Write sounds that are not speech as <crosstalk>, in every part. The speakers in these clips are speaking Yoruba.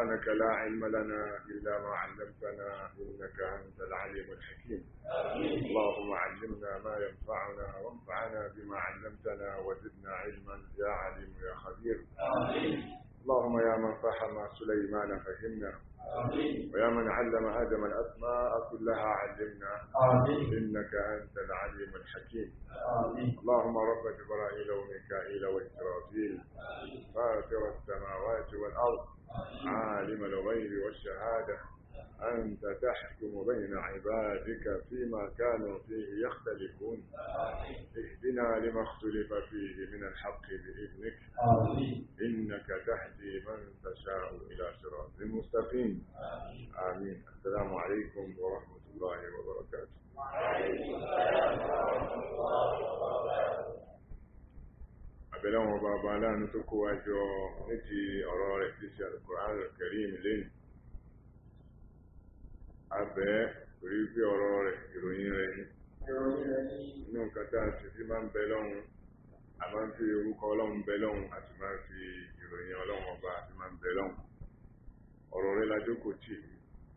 سبحانك لا علم لنا إلا ما علمتنا إنك أنت العليم الحكيم اللهم علمنا ما ينفعنا وانفعنا بما علمتنا وزدنا علما يا عليم يا خبير آمين. اللهم يا من فهم سليمان فهمنا آمين. ويا من علم آدم الأسماء كلها علمنا آمين. إنك أنت العليم الحكيم آمين. اللهم رب جبرائيل وميكائيل وإسرافيل فاتر السماوات والأرض عالم الغيب والشهادة أنت تحكم بين عبادك فيما كانوا فيه يختلفون اهدنا لما اختلف فيه من الحق بإذنك إنك تهدي من تشاء إلى صراط مستقيم آمين السلام عليكم ورحمة الله وبركاته وعليكم السلام ورحمة الله وبركاته àbẹ̀lẹ̀ wọn bá bá láàánú tó kó wájọ níti ọ̀rọ̀ rẹ̀ tí ṣe Al-Qur'an Al-Karim lẹ́yìn abẹ́ rí pé ọ̀rọ̀ rẹ̀ ìròyìn rẹ̀ ní inú nǹkan tá a ti fi máa ń bẹ lọ́hùn a máa ń fi orúkọ ọlọ́run bẹ lọ́hùn a sì máa ń fi ìròyìn ọlọ́run ọba àti máa ń bẹ lọ́hùn ọ̀rọ̀ rẹ̀ lájókòó tì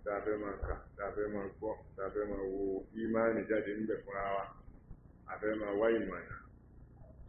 tá a fẹ́ máa kà tá a fẹ́ máa gbọ́ tá a fẹ́ máa wo ìmáànì jáde níbẹ̀ fúnra wa a fẹ́ máa wá ìmọ̀nà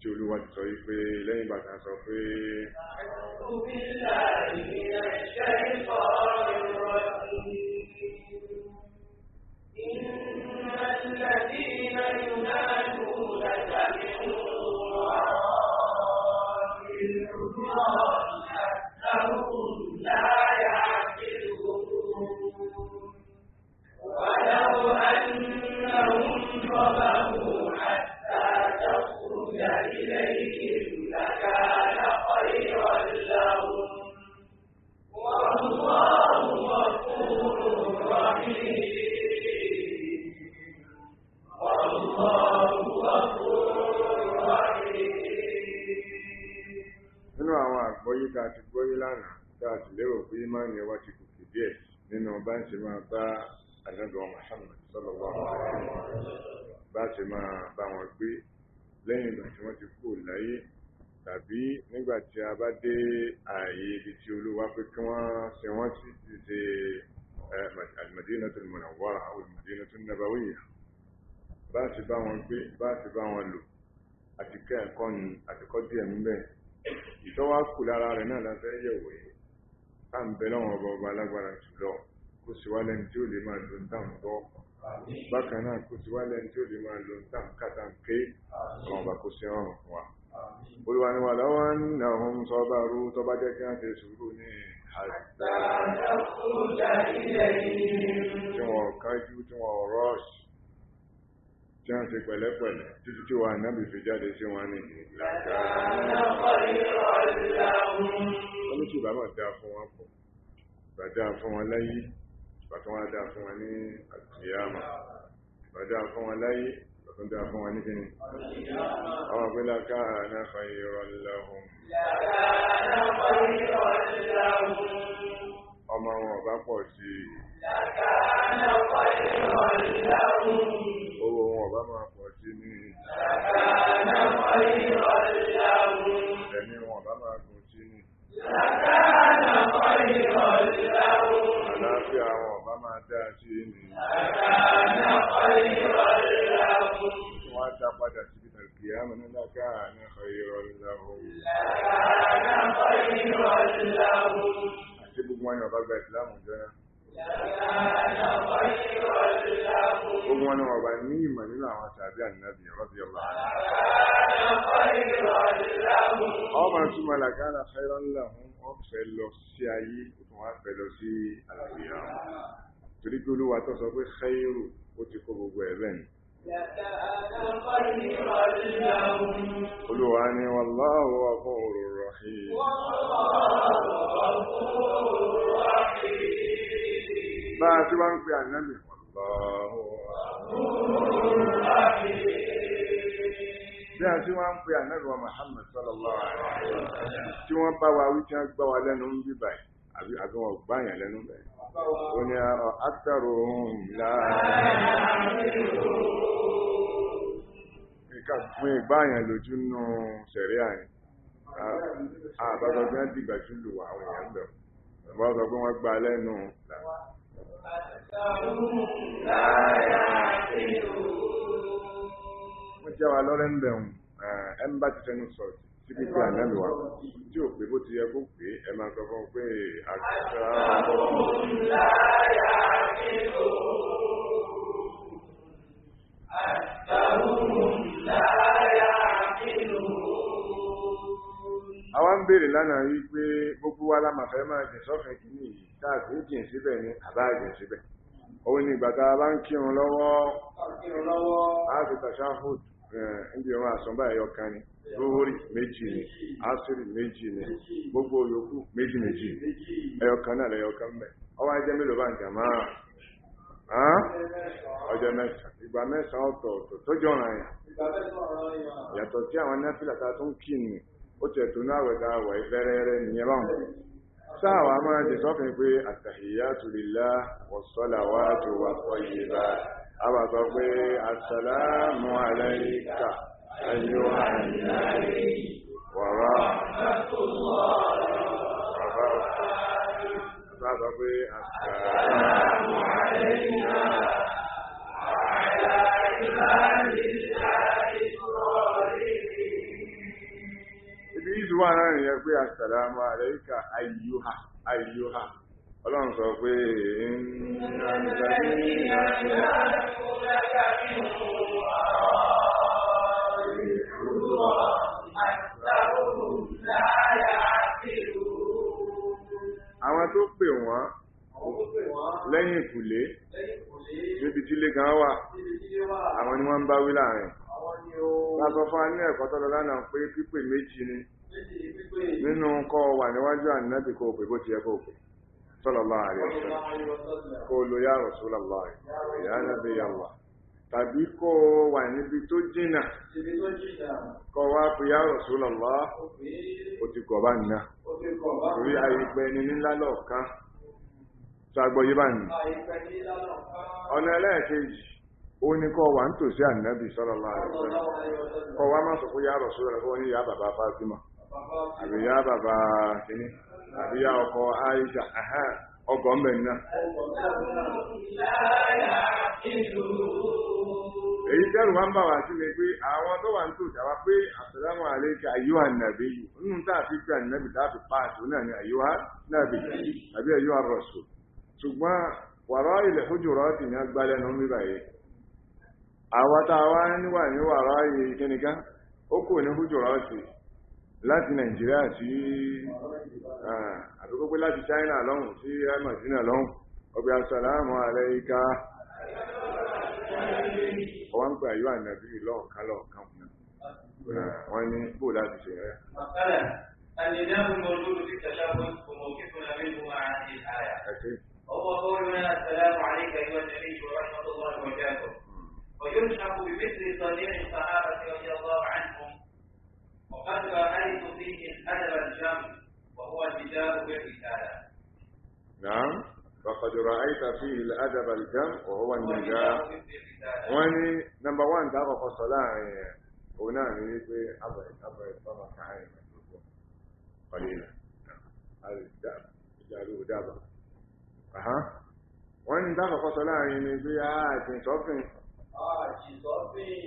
tí olúwa ti sọ wípé lẹ́yìn ìbàtà sọ pé إن الذين ينادون fún bákan náà kò sí wálẹ̀ tí ó lè máa lò táǹkàtà ń ké àwọn ọba sí ọrùn wa olúwa ni wà lọ́wọ́ ń nà ọ̀hún sọ rú tó bá jẹ́ kí wọ́n ṣe sùúrù ní àtà tí wọ́n kánjú tí wọ́n rọ́ọ̀ṣì tí wọ́n ṣe pẹ̀lẹ́pẹ̀lẹ́ títí tí wọ́n ànábì fi jáde sí wọn ní ìlàkà wọ́n ní tí ìbámọ̀ dáa fún wọn pọ̀ gbàdá fún wọn lẹ́yìn bàtún wá dáa fún wọn ní àtìyàmà bàdá fún wọn láyé bàtún dáa fún wọn ní kíni àwọn àpẹẹlẹ káà náà fàyèrọ lọ́hùn ọmọ wọn ọba pọ̀ sí owó wọn ọba máa pọ̀ sí ní ẹ̀mí wọn ọba máa gùn sí ní àlàáfíà wọn dáa sí ni. Àtàná ọ̀yọ́ lọ́wọ́. Wọ́n á dá padà síbi tàbí àmì nígbà káàánú ọ̀yọ́ lọ́wọ́. Àtàná ọ̀yọ́ lọ́wọ́. Àti gbogbo wọn yóò bá gba ìsìlámù jẹ́. Àtàná ọ̀yọ́ lọ́wọ́. Gbogbo wọn ni wọ́n bá ní ìmọ̀ nínú àwọn tàbí ànínábì ọ̀rọ̀bí ọ̀la. Ọmọ túmọ̀ làkàrà fẹ́ràn làwọn ọ̀fẹ́ lọ sí ayé, wọ́n á fẹ́ lọ sí àlàyé àwọn torí pé olúwa tó sọ pé xeyiru ó ti kó gbogbo ẹ̀ bẹ́ẹ̀ ni. olúwa ni wallahu ghafurur rahim. bá a ti wá ń pe ànábì wallahu ghafurur rahim bí a ti wọ́n ń pe ànábì wa Muhammad sallallahu alaihi wa sallam tí wọ́n bá wa wí tí wọ́n gbá wa lẹ́nu ń bí báyìí àbí àgbọn ọgbà yẹn lẹ́nu bẹ́ẹ̀ ó ní àtàrò ohun láàárín ìkàkùn ìgbà yẹn lójú nù sẹ̀rí àyìn àbátọ̀ bí wọ́n dìgbà jù lù àwọn èèyàn bẹ̀rù ìbọn sọ pé wọ́n gba lẹ́nu wọ́n jẹ́ wa lọ́rẹ́ ń bẹ̀rù ẹ̀ ń bá ti tẹnu sọ̀tì síbi tí ànámi wà tí ò pé bó ti yẹ kó pé ẹ máa sọ fún pé àṣà àwa ń béèrè lánàá gbogbo wa la màfẹ́ máa jìn ni ìgbà tá a bá ń kírun lọ́wọ́ a ti tàṣà ẹ̀ ni. lórí méjì ni asiri méjì ni gbogbo yòókù méjì méjì ẹyọkan náà lẹyọkan mẹ ọwọ́ ajẹ́ mélòó bá ń jàmá ọjọ́ mẹ́sàn ìgbà mẹ́sàn ọ̀tọ̀ọ̀tọ̀ tó jọ ọ̀ràn yà tí àwọn nẹ́fìlà ta tó kí ni ó tẹ̀ tó náà wẹ̀ pé أيها النبي ورحمة الله وبركاته السلام علينا وعلى عباد الله ibi zuwa pé àsàlámù àlẹ́kà ayúhà ayúhà ọlọ́run sọ pé ń الله أكثرهم لا يعقلون àwọn tó pè wọ́n lẹ́yìn ìkùlé níbi tí ilé gan wà àwọn ni wọ́n ń bá wí láàrin lásọ fún ní ẹ̀kọ́ tó lọ lánàá pé pípè méjì ni nínú kọ́ wà níwájú ànínábì kò pè bó ti yẹ kó pè sallallahu alaihi wasallam kó lo ya Rasulullah ya Nabi Allah tàbí kó o wà níbi tó jìnnà kọ wá fìyà Rasulullah ó ti kọ̀ bá nìyà torí àìpẹ́ ni nílá lọ́ọ̀kan sàgbọ́yé bá nì ọ̀nà ẹlẹ́ẹ̀kejì ó ní kọ́ wà nítòsí ànábì sallallahu alaihi kọ́ wá má sọ fún yá yá bàbá ọkọ ọgọ́ mẹ́rin èyí dẹ́rù wá ń bà wá sí ni pé àwọn tó wà ń tò dáwà pé àsàlámù àlékà àyíwá nàbí yìí nínú tá a fi gbà nàbí tá a fi pa àtò náà ní àyíwá nàbí àbí àyíwá rọ̀ṣù ṣùgbọ́n wàrọ̀ ilẹ̀ fújùrọ̀ ti ní agbálẹ̀ nù mí báyìí àwọn tá a wá níwà ní wàrọ̀ yìí kíníkà ó kò ní fújùrọ̀ ti láti nàìjíríà sí àbíkó pé láti China lọ́hùn sí Madina lọ́hùn ọbẹ̀ àsàlámù àlékà. Thank you. wọ́n ń gba ìlú ànàbí lọ́ọ̀kan lọ́ọ̀kan fún un ah. eh, wọ́n ní bò láti ṣe rẹ̀. النداء الموجود في التشهد وموقفنا منه مع هذه الآية. وهو قولنا السلام عليك أيها النبي ورحمة الله وبركاته. ويرشح بمثل صنيع الصحابة رضي الله عنهم وقد رأيت فيه الأدب الجم وهو النداء بالرسالة. نعم. فقد رأيت فيه الأدب الجم وهو النجاة واني نمبر وان دارة صلاة هنا يجي أبعد أبعد طرف عين قليلا هذا الدعب جعلوه دابة أها وان دارة صلاة يجي آتين صفين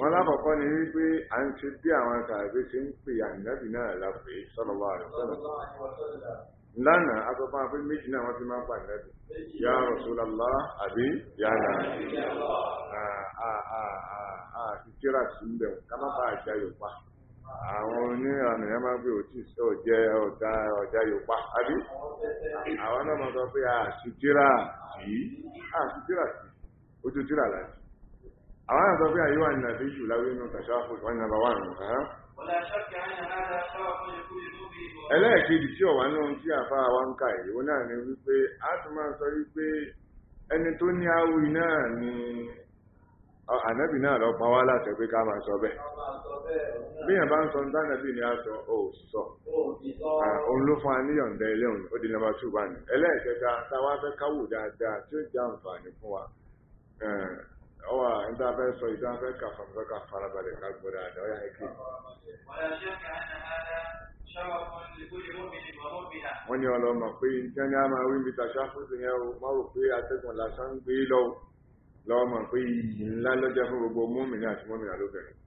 wọ́n lákọ̀ọ́kọ́ ni wípé a ń ṣe bí àwọn kàbí ṣe ń pè ànábì náà lápè sọ́lọ́wọ́ àrùn sọ́lọ́wọ́ lánàá akọ́kọ́ afẹ́ méjì náà wọ́n ti máa pàdé lẹ́bí ya Rasulullah àbí ya nàbí àtìkíra sí ń bẹ̀rù ká má bá àjà yòpá àwọn onírànà yẹn máa ń pè òtí sọ jẹ ọ̀dà ọ̀dà yòpá àbí àwọn náà máa sọ pé àtìkíra sí àtìkíra sí ojú tíra láti àwọn náà sọ pé àyíwá nàbí jù láwé inú tàṣà fún nàbà wà nù ẹlẹ́ẹ̀kejì tí ọ̀wá náà tí àfa wa ń kà èyí ó náà ni wípé a tún máa sọ wípé ẹni tó ní awi náà ni ànábì náà lọ pa wá láti pé ká máa sọ bẹ́ẹ̀ bí yẹn bá ń sọ ní tánàbì ni a sọ ó sọ òun ló fún aníyànjẹ ilé òun ó di nọ́mbà tù bá ní ẹlẹ́ẹ̀kẹta táwa fẹ́ káwò dáadáa tí ó jẹ́ àǹfààní fún wa ọwọ́ níta fẹ́ sọ ìta fẹ́ kà fàmùsọ́ kà farabalẹ̀ ká gbọ́ dáadáa ọ̀yà ẹ̀kẹ́. wọ́n ní ọlọ́mọ pé nǹkan ní a máa wí níbi tàṣà fúnṣe yẹn o ń gbé ńlá fún gbogbo àti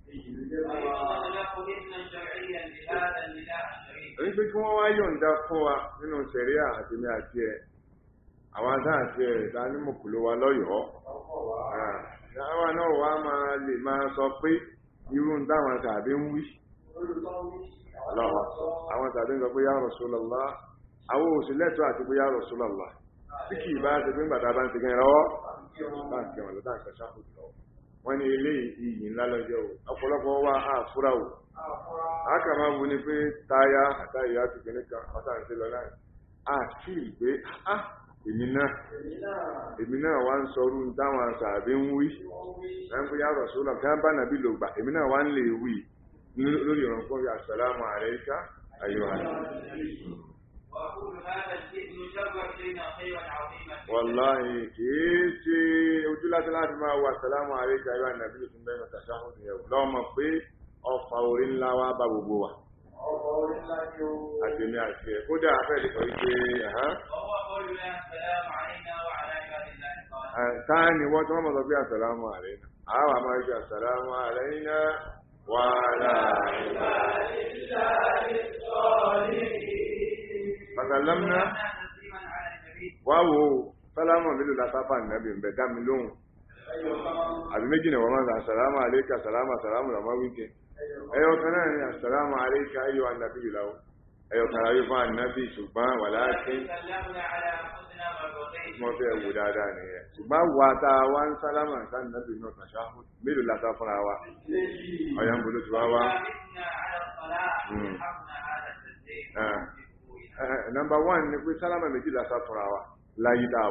Èyí pé kí wọ́n wá yọ̀ǹda fún wa nínú àti ẹ̀. Àwọn ẹ̀ lọ́yọ̀ọ́. láwa náà wá máa lè máa sọ pé irú táwọn tàbí ń wí àwọn tàbí ń sọ pé ya Rasulullah àwọn òṣìlẹ́tọ̀ àti pé ya Rasulullah tí kìí bá ti pín bàtà bá ń tẹ̀kẹ́ rọ́wọ́ láti ọ̀nà láti ṣàkóso wọ́n ní ilé ìyìn ńlá lọ́jọ́ o ọ̀pọ̀lọpọ̀ wa àfúrà o a kà máa wù ní pé táyà àtàyè àti kìnìkan ọ̀tá ń ṣe lọ láàrin àti ìgbé èmi náà èmi náà wá ń sọrú táwọn àṣàbí ń wí láńpẹ́ yá rọ̀ sólà kí wọ́n bá nàbí lò gbà èmi náà wá ń lè wí lórí ọ̀rọ̀ nǹkan bí àṣàlámù ààrẹ ìka ayọ̀ àná. wàláhì kìí ṣe ojú láti láti máa wà àṣàlámù ààrẹ ìka ayọ̀ àná bí lè tún bẹ́ẹ̀ náà tàṣà ọ̀hún ìyẹ̀wò lọ́mọ pé ọfà orí ńlá wa bá gbogbo wa. àtẹ̀mí àti ẹ̀ kódà abẹ́lẹ̀ kan wípé táà ní wọ́n tí wọ́n mọ̀ sọ pé àsàlámù àlẹ́yìnà àwọn àmọ́ ìjọ àsàlámù àlẹ́yìnà wà wà wò sálámù nàbì ń bẹ dá mi lóhùn àbí méjì wọ́n máa ń sàlámù sàlámù àsàlámù làwọn ẹyọ kan náà ni asalaamu aleyka ayo anabi yìí ẹyọ kan ayé fún anabi ṣùgbọ́n wà láti mo fẹ́ wù dáadáa nìyẹn ṣùgbọ́n wà tá a wá ń sálámà sí náà tàṣà mélòó la ta fúnra wa bolo wá wá. Hmm. Ah. Eh, nọmba wán ni pé sálámà méjì la ta fúnra wa láyé tá a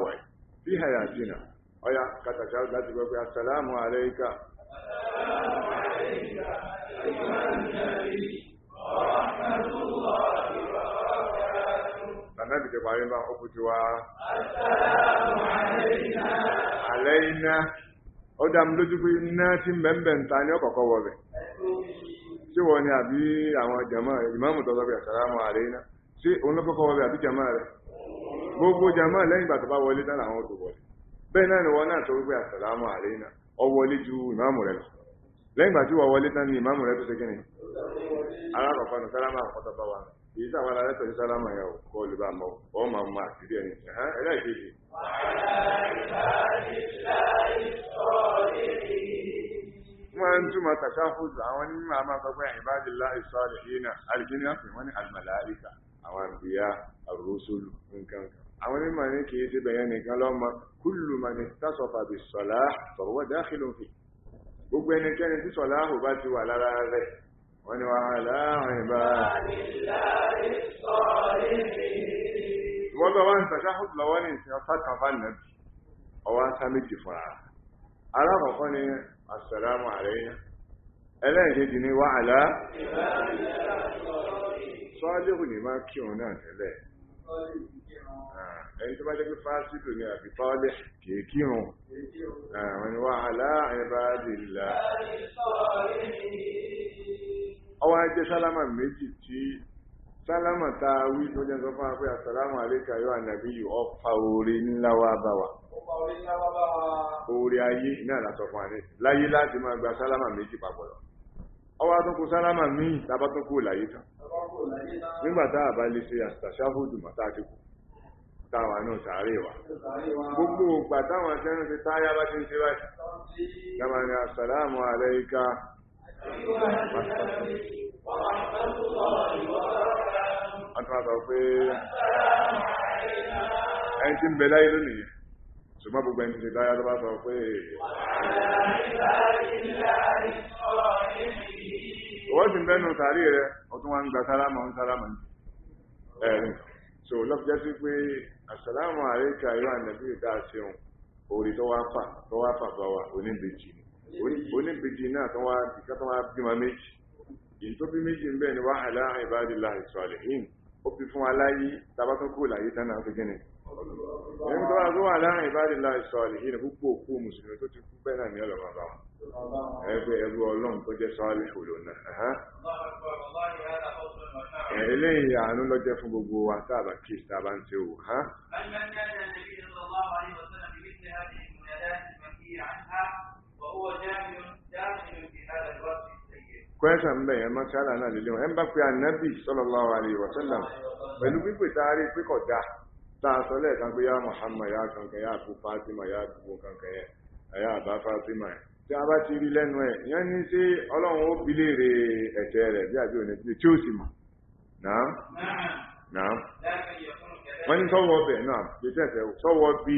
bí hayà sí náà láti gbọ́ pé Sannan da kwarin ba uku Alaina, ó dá mi iná tí mẹ́mbẹ̀ ta ní ọkọ̀kọ́ wọ Ṣé wọ ni àbí àwọn jàmáà ìmáàmù tọ́lọ́ bẹ̀ sàrámù àlẹ́iná? Ṣé òun lọ́kọ́kọ́ wọ àbí jàmáà rẹ̀? Gbogbo jàmáà lẹ́yìn ìgbà tó bá wọlé àwọn lẹ́yìn gbàtí wọ́n wọlé tán ní ìmáàmù rẹ̀ tó ṣe kíni alákọ̀ọ́kọ́ ní sálámà ọ̀tọ̀ bá wa èyí tí àwọn alẹ́ tọ́jú sálámà yẹn ò kọ́ olùbá mọ́ wọ́n máa mọ àkìrí ẹni ẹlẹ́ẹ̀kejì. wọ́n ń túmọ̀ tàṣáfùdù àwọn onímọ̀ àmà sọ pé àyìnbá di lá àlẹ́ yìí náà àlùkíní wọ́n ní àlùmàláríkà gbogbo ẹnikẹ́ni tí sọ̀lá àhò bá ti wà lára rẹ̀ wọ́n ni wàá láàrin bá wọ́n lọ́wọ́ ń tàṣà hùtù lọ́wọ́ ní ìsìn ọ̀tá kan bá nàbì ọwọ́ ata méjì fúnra alákọ̀ọ́kọ́ ni asàlámù àlẹ́yìn ẹlẹ́ẹ̀kejì ni wàhálà sọ́ọ́lẹ́hùn ní má kí òun náà tẹ́lẹ̀ Ah, ẹni tó bá jẹ́ pé fásitì ní àbí tọ́lẹ̀ kìí kírun àwọn ah, ni wà aláàrẹ̀bádìlá ọwọ́ ajẹ́ sálámà méjì tí sálámà ta wí tó jẹ́ sọ fún apẹ́ àsàlámù àlékà yóò ànàbí yìí ọfà orí ńlá wa bá wa orí ayé náà látọ̀ fún àní láyé láti máa gba sálámà méjì papọ̀ lọ ọwá tó kó sálámà míì tàbá tó kó láyé tán nígbà tá a lè ṣe àtàṣáhùdù mọ́tà táwa náà sàárè wa gbogbo ògbà táwọn tẹ́nu ti táyá bá ti ń ṣe báyìí dáma ni asàlámù aláìka àtúnwà pé ẹni tí ń bẹ láyé lónìí ṣùgbọ́n gbogbo ẹni tí táyá tó bá sọ pé wọ́n sì ń bẹ́nu tàrí rẹ̀ ọ̀tún wa ń gba sálámà ń so lọ́pọ̀ sí pé àsàlámù àríkà ìwà nàbí ìdá àṣehùn orí tó wá fà bá wa oníbejì oníbejì náà tó wá dìkà tó wá bímọ méjì èyí tó bí méjì ń bẹ̀ ni wá àlá ìbádìlá yìí ó fi fún láyé tánà fi ẹni tó yìí ni púpọ̀ ẹgbẹ́ ẹgbẹ́ ọlọ́run tó jẹ́ sọ́ọ́lì ṣòro náà. eléyìí àánú ló jẹ́ fún gbogbo wa táàbà kí ha. ń ṣe ya kwẹ́sàn bẹ́ẹ̀ yẹn mọ́ṣálà náà lélẹ́wọ̀n ẹ̀ ń bá pe ànábì sallallahu alaihi wasallam pẹ̀lú pípé pé kọ̀ sọ lẹ́ẹ̀kan pé yá Muhammad yá kankan yá àbú Fatima yá kankan yá tí a bá ti rí lẹ́nu ẹ̀ yẹn ní sí ọlọ́run ó bi léèrè ẹ̀ṣẹ̀ rẹ̀ bí àbí òní bí tí ó sì mọ̀ náà náà wọ́n ní sọ́wọ́ ọbẹ̀ náà sọ́wọ́ bí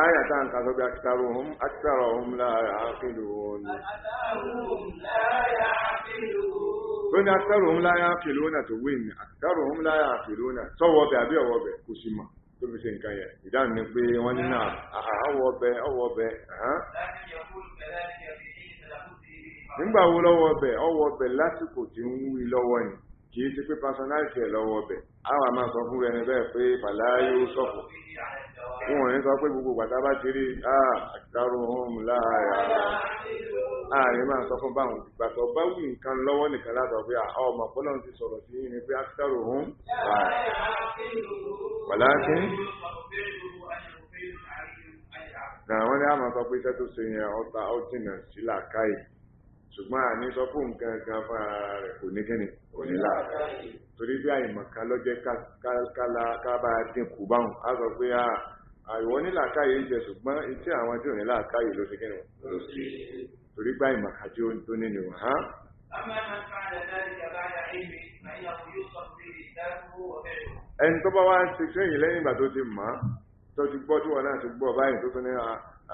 ayé sọ bí akitaro ọ̀hún akitaro ọ̀hún láàyè àkìlò ọ̀nà. ó akitaro ọ̀hún láàyè àkìlò ọ̀nà tó akitaro ọ̀hún láàyè àkìlò ọ̀nà sọ́wọ́ ọbẹ̀ àbí tóbi ṣe nǹkan yẹn ìdáhùn ni pé wọ́n ní náà ọwọ́ ọbẹ̀ ọwọ́ ọbẹ̀ nígbà wo lọ́wọ́ ọbẹ̀ ọwọ́ ọbẹ̀ lásìkò tí ń wí lọ́wọ́ yìí kì í ti pé personality ẹ̀ lọ́wọ́ ọbẹ̀ àwọn àmà sọ fún ẹni bẹ́ẹ̀ pé fàlàyé ó sọ̀fù fún òní sọ pé gbogbo gbàtà bá ti rí àtàrò ohun láàárẹ̀ àárín máa sọ fún báwọn ìgbàtọ̀ bá wù nǹkan lọ́wọ́ nìkan látọ̀ pé ọmọ ọ̀pọ̀lọ́ ti sọ̀rọ̀ sí ní pé àtàrò ohun pàlákín àwọn ni a máa sọ pé iṣẹ́ tó ṣe yẹn ọta ọjìnà sí làákàyè ṣùgbọ́n àní sọ fún nǹkan kan fara rẹ̀ kò ní kíni kò ní láàbà torí bí àìmọ̀ká lọ́jẹ́ kábà dínkù báwọn a sọ pé àìwọ́ ní làákàyè jẹ ṣùgbọ́n etí àwọn tí ò ní làákàyè ló ṣe kíni ló sí torí gbá ìmọ̀ká tí ó ń tó nínú wọn. ẹni tó bá wá ń ṣe sẹ́yìn lẹ́yìn ìgbà tó ti mọ̀ tó ti gbọ́ tí wọn náà ti gbọ́ báyìí tó tún ní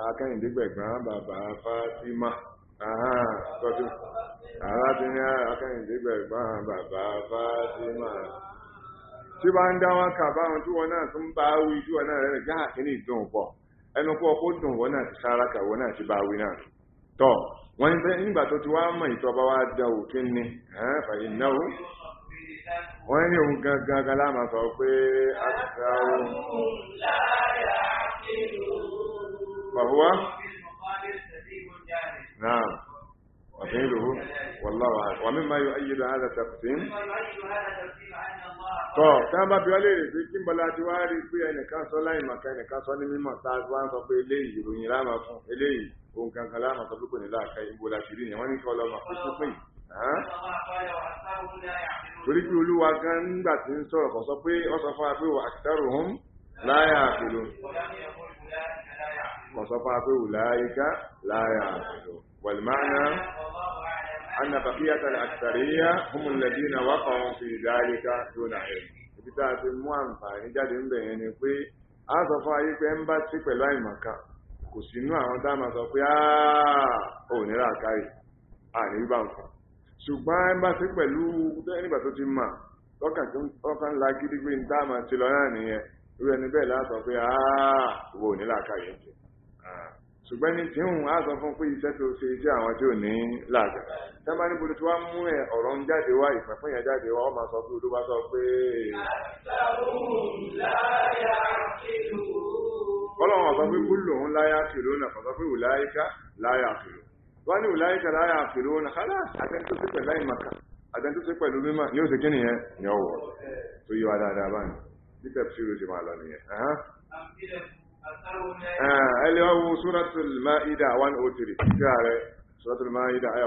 akẹ́yìndégbẹ̀gbọ́n bàbá Fátímà arábìnrin akẹ́yìndégbẹ̀gbà bàbá fátímà tí bá ń dá wọn kà báwọn tí wọn náà tún bá wí tí wọn náà rẹ̀ já àkíní ìdùn pọ̀ ẹnu pọ̀ kó dùn wọn náà ti sára kà wọn náà ti bá wí náà tọ̀ wọ́n ń bẹ́ nígbà tó ti wá mọ̀ ìtọ́ba wá da òkín ni fàyè náwó wọ́n ní òun gangan gan láàmà sọ pé àtàwọn. Bàbá wa. نعم وفعله والله ومما يؤيد هذا التقسيم tọ́ tá a bá bí wá léèrè pé kí n bọ́lá ti wá rí pé ẹnìkan sọ láì màkà ẹnìkan sọ ní mímọ̀ tá a wá ń sọ pé eléyìí ìròyìn láàmà fún eléyìí ohun kankan láàmà sọ pé kò ní láàka ìbò láti rí yẹn wọ́n ní kọ́ lọ́mà fún fún pé torí pé olúwa gan nígbà tí ń sọ̀rọ̀ kọ̀ sọ pé ó sọ fún wa pé wà àkìtàrò hùn láyà àpèlò kọ̀ sọ fún wa pé wù láyìíká láyà àpèlò والمعنى أن بقية الأكثرية هم الذين وقعوا في ذلك دون علم ibi tá a ti mú àǹfààní jáde ń bẹ̀yẹn ni pé a sọ fún ayé pé ń bá sí pẹ̀lú àìmọ̀kan kò sínú àwọn dáàmà sọ pé ó nira àkárì àní bá nǹkan ṣùgbọ́n ń bá sí pẹ̀lú nígbà tó ti mà lọ́kàn la gidi pé ń dáàmà ti lọ náà nìyẹn irú ẹni bẹ́ẹ̀ láti sọ pé ó nira àkárì ń jẹ ṣùgbọ́n ní tí òun á sọ fún pé iṣẹ́ tó ṣe iṣẹ́ àwọn tí ò ní láàgbà tẹ́mbà níbo tí wọ́n mú ẹ̀ ọ̀rọ̀ ń jáde wá ìpínpín yẹn jáde wá wọ́n máa sọ pé olúwa sọ pé. ọlọ́run ọ̀sọ́ pé kúlò ń láyà kìló náà kọ̀sọ́ pé wùláyíká láyà kìló wọ́n ní wùláyíká láyà kìló náà kálá àtẹ́ntó sí pẹ̀lú àìmọ̀ká àtẹ́ntó sí pẹ̀lú mímọ̀ ní òsèké nìyẹn ni ọ̀wọ̀ tó yọ adáadáa báyìí bí tẹ̀síwò ṣe máa lọ nìyẹn. ẹlẹ́ ọwọ́ Suratul Maida 103 tí a rẹ̀ Suratul Maida 103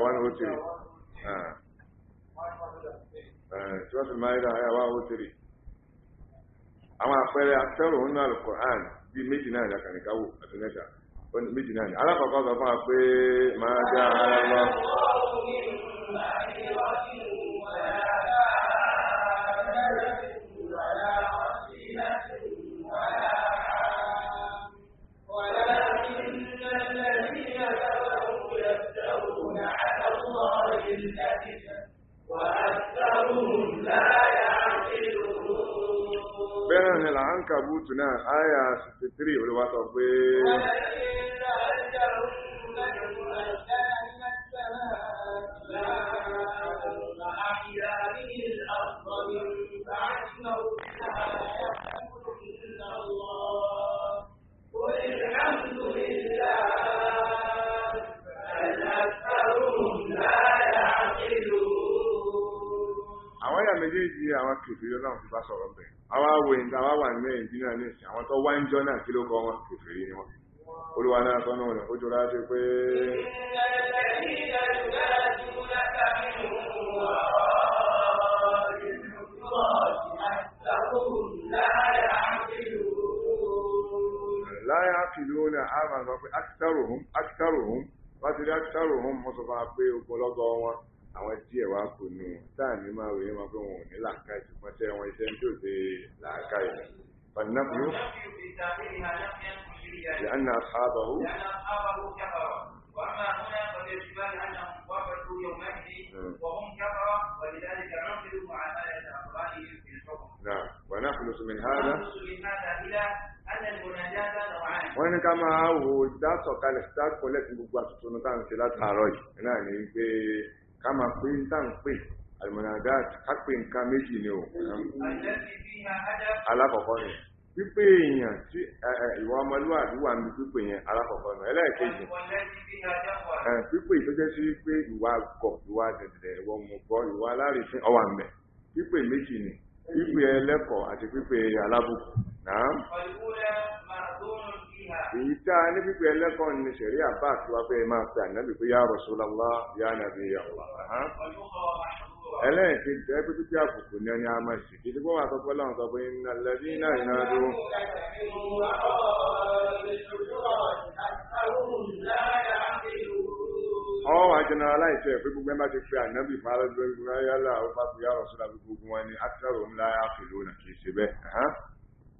Suratul Maida 103 àwọn àpẹẹrẹ akẹ́rù ń náà Al-Qur'an bí méjì náà ní akànìkáwò àti mẹ́ta méjì náà ní alákọ̀ọ́kọ́ sọ fún wa máa dá ara wọn. ankabutu náà àyà 63 olúwa sọ pé Thank you. táwọn fi bá sọ̀rọ̀ bẹ̀. àwa wo nǹkan àwa wà nínú ẹ̀yìn bínú àná ìsìn àwọn tó wá ń jọ náà kí ló kọ́ wọn kèfèrí ni wọn. olúwa náà sọ náà rẹ̀ kójú láti pé. láyà kìlú náà á máa sọ pé akitaruhum akitaruhum wọ́n ti rí akitaruhum wọ́n sọ fún wa pé ogun ọlọ́gọ́ wọn àwọn díẹ̀ wá kù ní táàmì máa wèé máa pé wọn ò ní làákàyè ṣùgbọ́n tẹ́ wọn iṣẹ́ ń tòṣe làákàyè fàdínàfíò لأن أصحابه وأما هنا فباعتبار أنهم وافقوا يومئذ وهم كفرة ولذلك عملوا معاملة أقرانهم في الحكم. نعم ونخلص من هذا ونخلص من هذا إلى wọ́n ní ká máa wo ìdásọ̀kalẹ̀ dákọ̀lẹ̀ tí gbogbo àtúntò náà ń ṣe látàárọ̀ yìí náà ní pé ká máa pé ń tà ń pè almanagat ká pé nǹkan méjì ni o. alákọ̀ọ́kọ́ ni pípé èèyàn tí ìwà ọmọlúwàbí wà ní pípé yẹn alákọ̀ọ́kọ́ náà ẹlẹ́ẹ̀kejì pípé tó jẹ́ sí wípé ìwà gọ̀ ìwà dẹ̀dẹ̀ ìwà ọmọgbọ́ ìwà alárìífín ọwà mẹ́ pípé méjì ni pípé ẹlẹ́kọ̀ọ́ àti pípé alábùkù náà èyí tá a ní pípẹ́ ẹlẹ́kọ̀ọ́ ní sẹ̀rí àbá àti wá máa pè ànábì pé yá Rasulullah yá nàbí yá wà. ẹlẹ́yìn tí ìjọ ẹgbẹ́ pípẹ́ àbùkù ni ẹni a máa ṣe kí dípò wà sọ́kọ́ láwọn sọ pé iná lẹ́bí iná iná tó. ọwọ́ àjẹnà aláìsọ ẹ̀ pé gbogbo ẹ bá ti pé ànábì fún alágbègbè yálà ó bá fi yá Rasulullah gbogbo wọn ni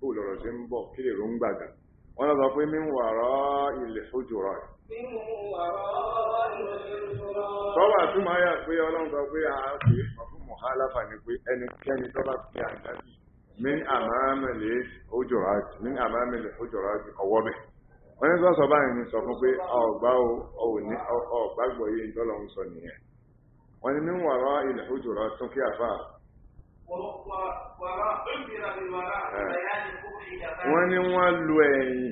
bó lọ̀rọ̀ ṣe ń bọ̀ kí lè gbàgbà pé ń wàrọ̀ ilẹ̀ sójú rọ̀ tọ́wà pé ọlọ́run sọ pé a fi ọkùn mọ̀hálàfà pé ẹnikẹ́ni tọ́ba fi àmàmìlẹ̀ rọ̀ àmàmìlẹ̀ rọ̀ ọwọ́ bẹ̀ ní báyìí ni sọ fún pé sọ nìyẹn ń wàrọ̀ ilẹ̀ rọ̀ tún kí àfáà wọ́n ní wọ́n lo ẹ̀yìn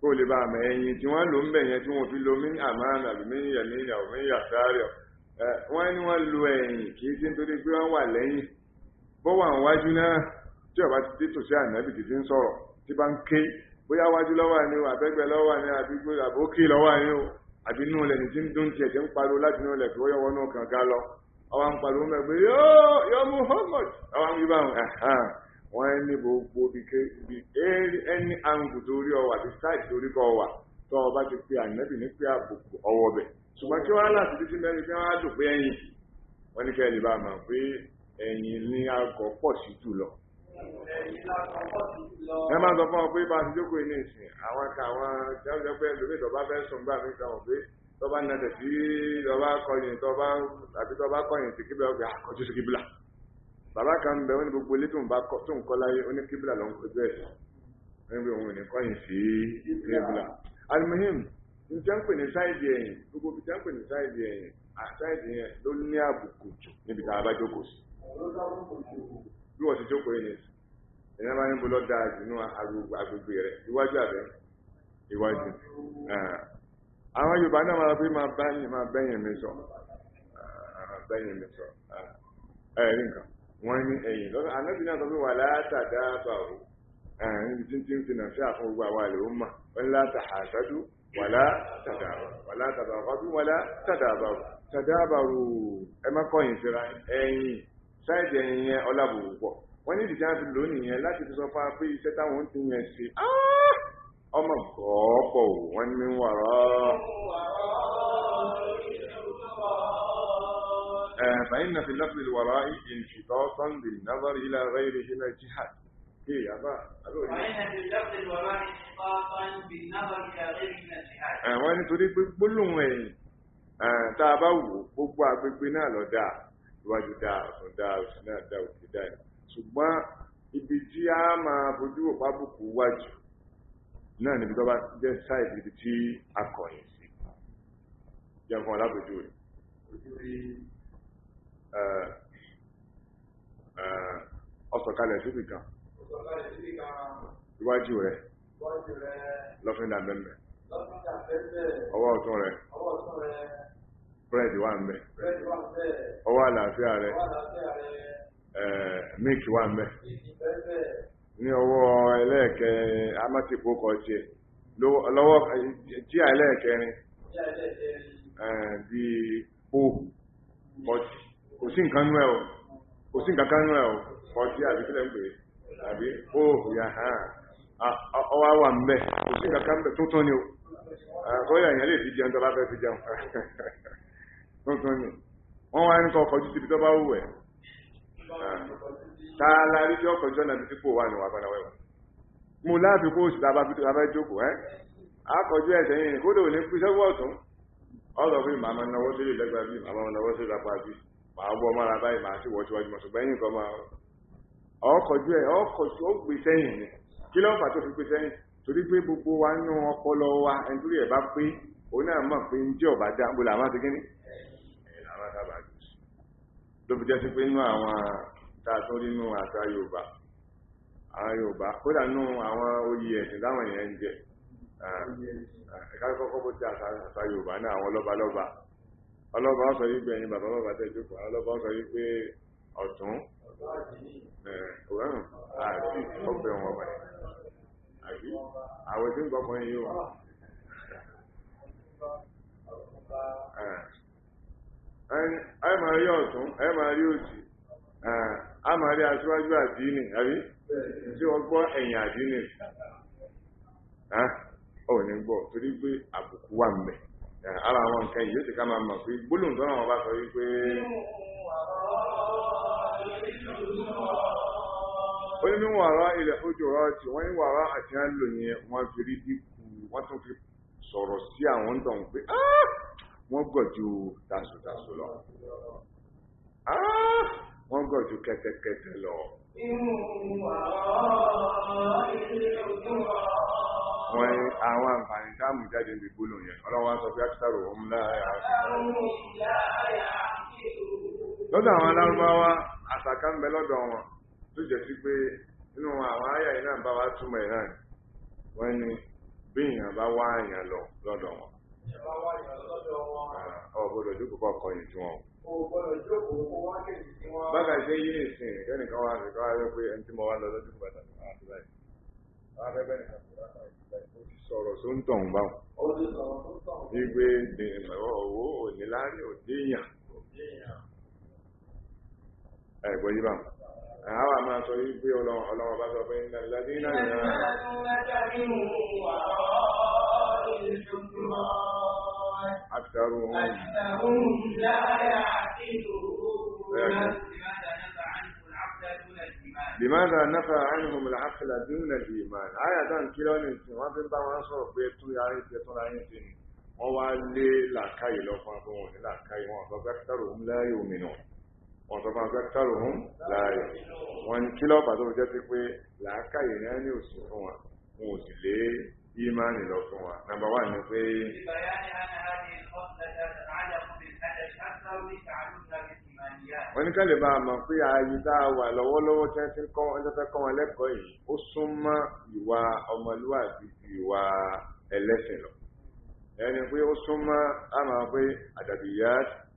kó lè bá àmọ́ ẹ̀yìn tí wọ́n lò ń bẹ̀ yẹn tí wọ́n fi lo mí àmàlà àlùmíyìn yẹ̀míyà òmíyà sáré wọ́n ní wọ́n lo ẹ̀yìn kì í sí nítorí pé wọ́n wà lẹ́yìn bó wà wájú náà tí ọba ti tètò sí ànábì títí ń sọ̀rọ̀ tí bá ń ké bóyá wájú lọ́wọ́ ni o àbẹ́gbẹ́ lọ́wọ́ ni àbí òkè lọ́wọ́ ni o àbí inú ilẹ̀ ń dún tiẹ̀ ti ń pariwo láti inú ilẹ̀ fi wọ́yọ́ wọnú kànga lọ ọwọ́ ń pariwo mẹ́ pé yóò Muhammad ọwọ́ ń bíbá wọn wọ́n ní gbogbo bí ẹni àǹgù torí ọwà àti sáìtì torí kọ ọwà tó ọba ti pe ànábì ní pé àbùkù ọwọ́ bẹ̀ ṣùgbọ́n kí wọ́n láti títí mẹ́rin kí wọ́n á dùn pé ẹ̀yìn wọ́n ní kẹ́lì bá mọ̀ pé ẹ̀yìn ní akọ pọ̀ sí jùlọ. ẹ máa sọ fún ọ pé bá a ti jókòó ní ìsìn àwọn kan àwọn jẹ́wọ́jẹ́ pé ẹlòmíì tó bá fẹ́ sùn gbà mí kan wọ̀ pé tó bá nà tẹ̀sí ọba kọyìn tó bá àbí tó bá kọyìn sí kíbla ọgbà àkọjú ah, sí kíbla bàbá kan bẹ wọn ni gbogbo ilé tó ń kọ́ láyé ó ní kíbla ló ń kojú ẹ̀ wọn bí òun ní kọyìn sí kíbla. almuhim njẹ́ ń pè ní sáìdì ẹ̀yìn gbogbo ibi tí wọ́n ń pè ní sáìdì ẹ̀yìn àsáìdì yẹn ló ní àbùkù jù níbi tá a bá jókòó sí. bí wọ́n ti jókòó yìí ni ìyẹn bá ń bọ́ lọ́dà jù nínú agbègbè rẹ̀ iwájú àbẹ́ iwájú àwọn yorùbá náà máa fi máa báyìí máa bẹ́yìn mi sọ bẹ́yìn mi sọ ẹ̀rí nǹkan wọ́n ní ẹ̀yìn lọ́dọ̀ anábì náà sọ pé wà látàdá bàrú ẹ̀yìn tí tí ń fi nàfẹ́ àfún gbogbo àwọn àlè ó mà wọ́n látà àṣájú wà látàdá wà látàdá bàrú wà látàdá bàrú tàdá bàrú ẹ má kọ̀yìn síra ẹ̀yìn sáìdì ẹ̀yìn yẹn ọlábùrú pọ̀ wọ́n ní ìdíjà lónìí yẹn láti fi sọ fún wa pé iṣẹ́ táwọn ń ti yẹn ṣe ọmọ gọ́ọ̀pọ̀ wọ́n ní wàrá فإن في اللفظ الوراء انشطاطا بالنظر إلى غيره من الجهات إيه يا با فإن في اللفظ الوراء انشطاطا بالنظر إلى غيره من الجهات wọ́n ní torí pé gbólóhùn ẹ̀yìn tá a bá wò gbogbo agbègbè náà lọ dáa iwájú dáa ọ̀tún dáa òsì náà dáa òkè dáa ṣùgbọ́n ibi tí a máa bójú òpá wájú náà níbi tó bá jẹ́ sáìdì ibi tí a kọ̀yìn sí jẹ́ fún alábòjú rẹ̀ ọ̀sọ̀kalẹ̀ síbì kan iwájú rẹ̀ lọ́fíńdà mẹ́mẹ́ ọwọ́ ọ̀tún rẹ̀ búrẹ́dì wà ń bẹ ọwọ́ àlàáfíà rẹ̀ eh, míìkì wà ń bẹ. ní ọwọ́ ẹlẹ́ẹ̀kẹ́ amátìpó kọ lọ́wọ́ tí a ẹlẹ́ẹ̀kẹrin bí kò sí nǹkan nú ẹ̀ o kò sí nǹkan kan nú ẹ̀ o pọ̀tì àbí kílẹ̀ ń pè é àbí po yà ọwọ́ ń bẹ̀ kò sí nǹkan kan bẹ̀ tuntun ni o kọ́lé èèyàn lè fi jẹun tó bá fẹ́ fi jẹun <laughs> tuntun ni wọ́n tààlà rí tí ọkọ̀ jọ́nà bí pípò wà níwà padà wẹ́wà mo láàfi kó oṣù tàbá fi tó abẹ́ jókòó ẹ́ akọjú ẹ̀sẹ̀ yìí kódò ní pí sẹ́wọ́ ọ̀tún ọ̀rọ̀ bí màmá náwó sílẹ̀ lẹ́gbàá bí màmá náwó sílẹ̀ apá bí màá bọ́ mọ́ra báyìí màá sì wọ́ síwájú mọ̀sùn gbẹ́yìn kan máa ọkọjú ẹ̀ ọkọjú ó gbé sẹ́yìn ni kí ló fà tó fi gbé sẹ́yìn torí pé gbogbo wa nú ọpọlọ wa ẹni tó rí ẹ̀ bá pé òun náà mọ̀ pé ń jẹ́ ọ̀bá dá gbọ́dọ̀ àmọ́ ti kíní ẹ̀ làwọn sábà jù ló fi jẹ́ sí pé nínú àwọn tá a àṣà Yorùbá àwọn Yorùbá kódà nù àwọn oyè ẹ̀sìn táwọn èèyàn ń jẹ ẹ̀ka bó ti àṣà Yorùbá náà àwọn ọlọ́ba lọ́ba ọlọ́ba ọ̀sọ̀ yìí gbẹ̀yìn bàbá bàbá tẹ̀ ọlọ́ba ọ̀sọ̀ yìí pé ọ̀tún ọ̀rọ̀rùn àti ẹ máa rí ọ̀tún ẹ máa rí òsì a máa rí aṣíwájú àdínì àbí tí wọ́n gbọ́ ẹ̀yìn àdínì ọ̀ ní gbọ́ torí pé àbùkù wà mẹ́ ara àwọn nǹkan yìí ó sì ká máa mọ̀ pé gbólóhùn tó náà wọ́n bá sọ wípé ó ní wàrà ilẹ̀ ojú ọ̀rọ̀ tí wọ́n ní wàrà àti àlò yẹn wọ́n fi rí dínkù wọ́n tún fi sọ̀rọ̀ sí àwọn tó ń pé wọ́n gọ̀ ju tàṣùtàṣù lọ pọ̀ ju kẹtẹkẹtẹ lọ. Wọ́n ní àwọn àǹfààní táàmù jáde ní gbólò yẹn, ọlọ́wọ́ sọ pé àkítàrò òun láàyà. Lọ́dọ̀ àwọn alárúbáwá, àṣàkà ń bẹ lọ́dọ̀ wọn, tó jẹ́ sí pé nínú àwọn àyà yìí bá wá túmọ̀ ẹ̀ náà. Wọ́n ní bí èèyàn bá wá èèyàn lọ lọ́dọ̀ wọn. Ọ̀gbọ́dọ̀ dúkùkọ̀ kọyìn tí wọ́n bákan ṣe yí ní ìsìn ìkẹ́ni kan wá nìkan wá pé ẹni tí mo wá lọ lọ́dún bàtà ní àti láì wá bẹ́bẹ́ nìkan kò rákà ìsìláì ó ti sọ̀rọ̀ tó ń tàn bá wọn. gbígbé owó oníláàrí òde èèyàn. ẹ gbọ́ yí bá wọn. àwọn àmà sọ yí pé ọlọ́wọ́ bá sọ pé ń lọ lọ́dún náà. أكثرهم لا يعقلون لماذا نفى عنهم العقل دون الإيمان آية دان كيلون انتين وابن باوان صور بيتو ياري بيتو رأيين wọ́n wá lé làkàyè lọ́fún agbóhùn ní làkàyè wọn sọ gbẹ́kítàrò ń láyé òmìnà wọn sọ fún agbẹ́kítàrò ń láyé wọn kí lọ́ọ̀bà tó jẹ́ sí pé làkàyè náà ní òsì fún wọn wọn ò sì lé ìmánì lọ fún wa nàmbà wà ní pé. wọ́n ní kálí bá a mọ̀ pé ààyè tá a wà lọ́wọ́lọ́wọ́ tí wọ́n ti ń kọ́ ẹlẹ́fẹ́ kọ́ wọn lẹ́kọ̀ọ́ yìí ó súnmọ́ ìwà ọmọlúwàbí ìwà ẹlẹ́sìn lọ ẹni pé ó súnmọ́ a máa pé àdàbíyá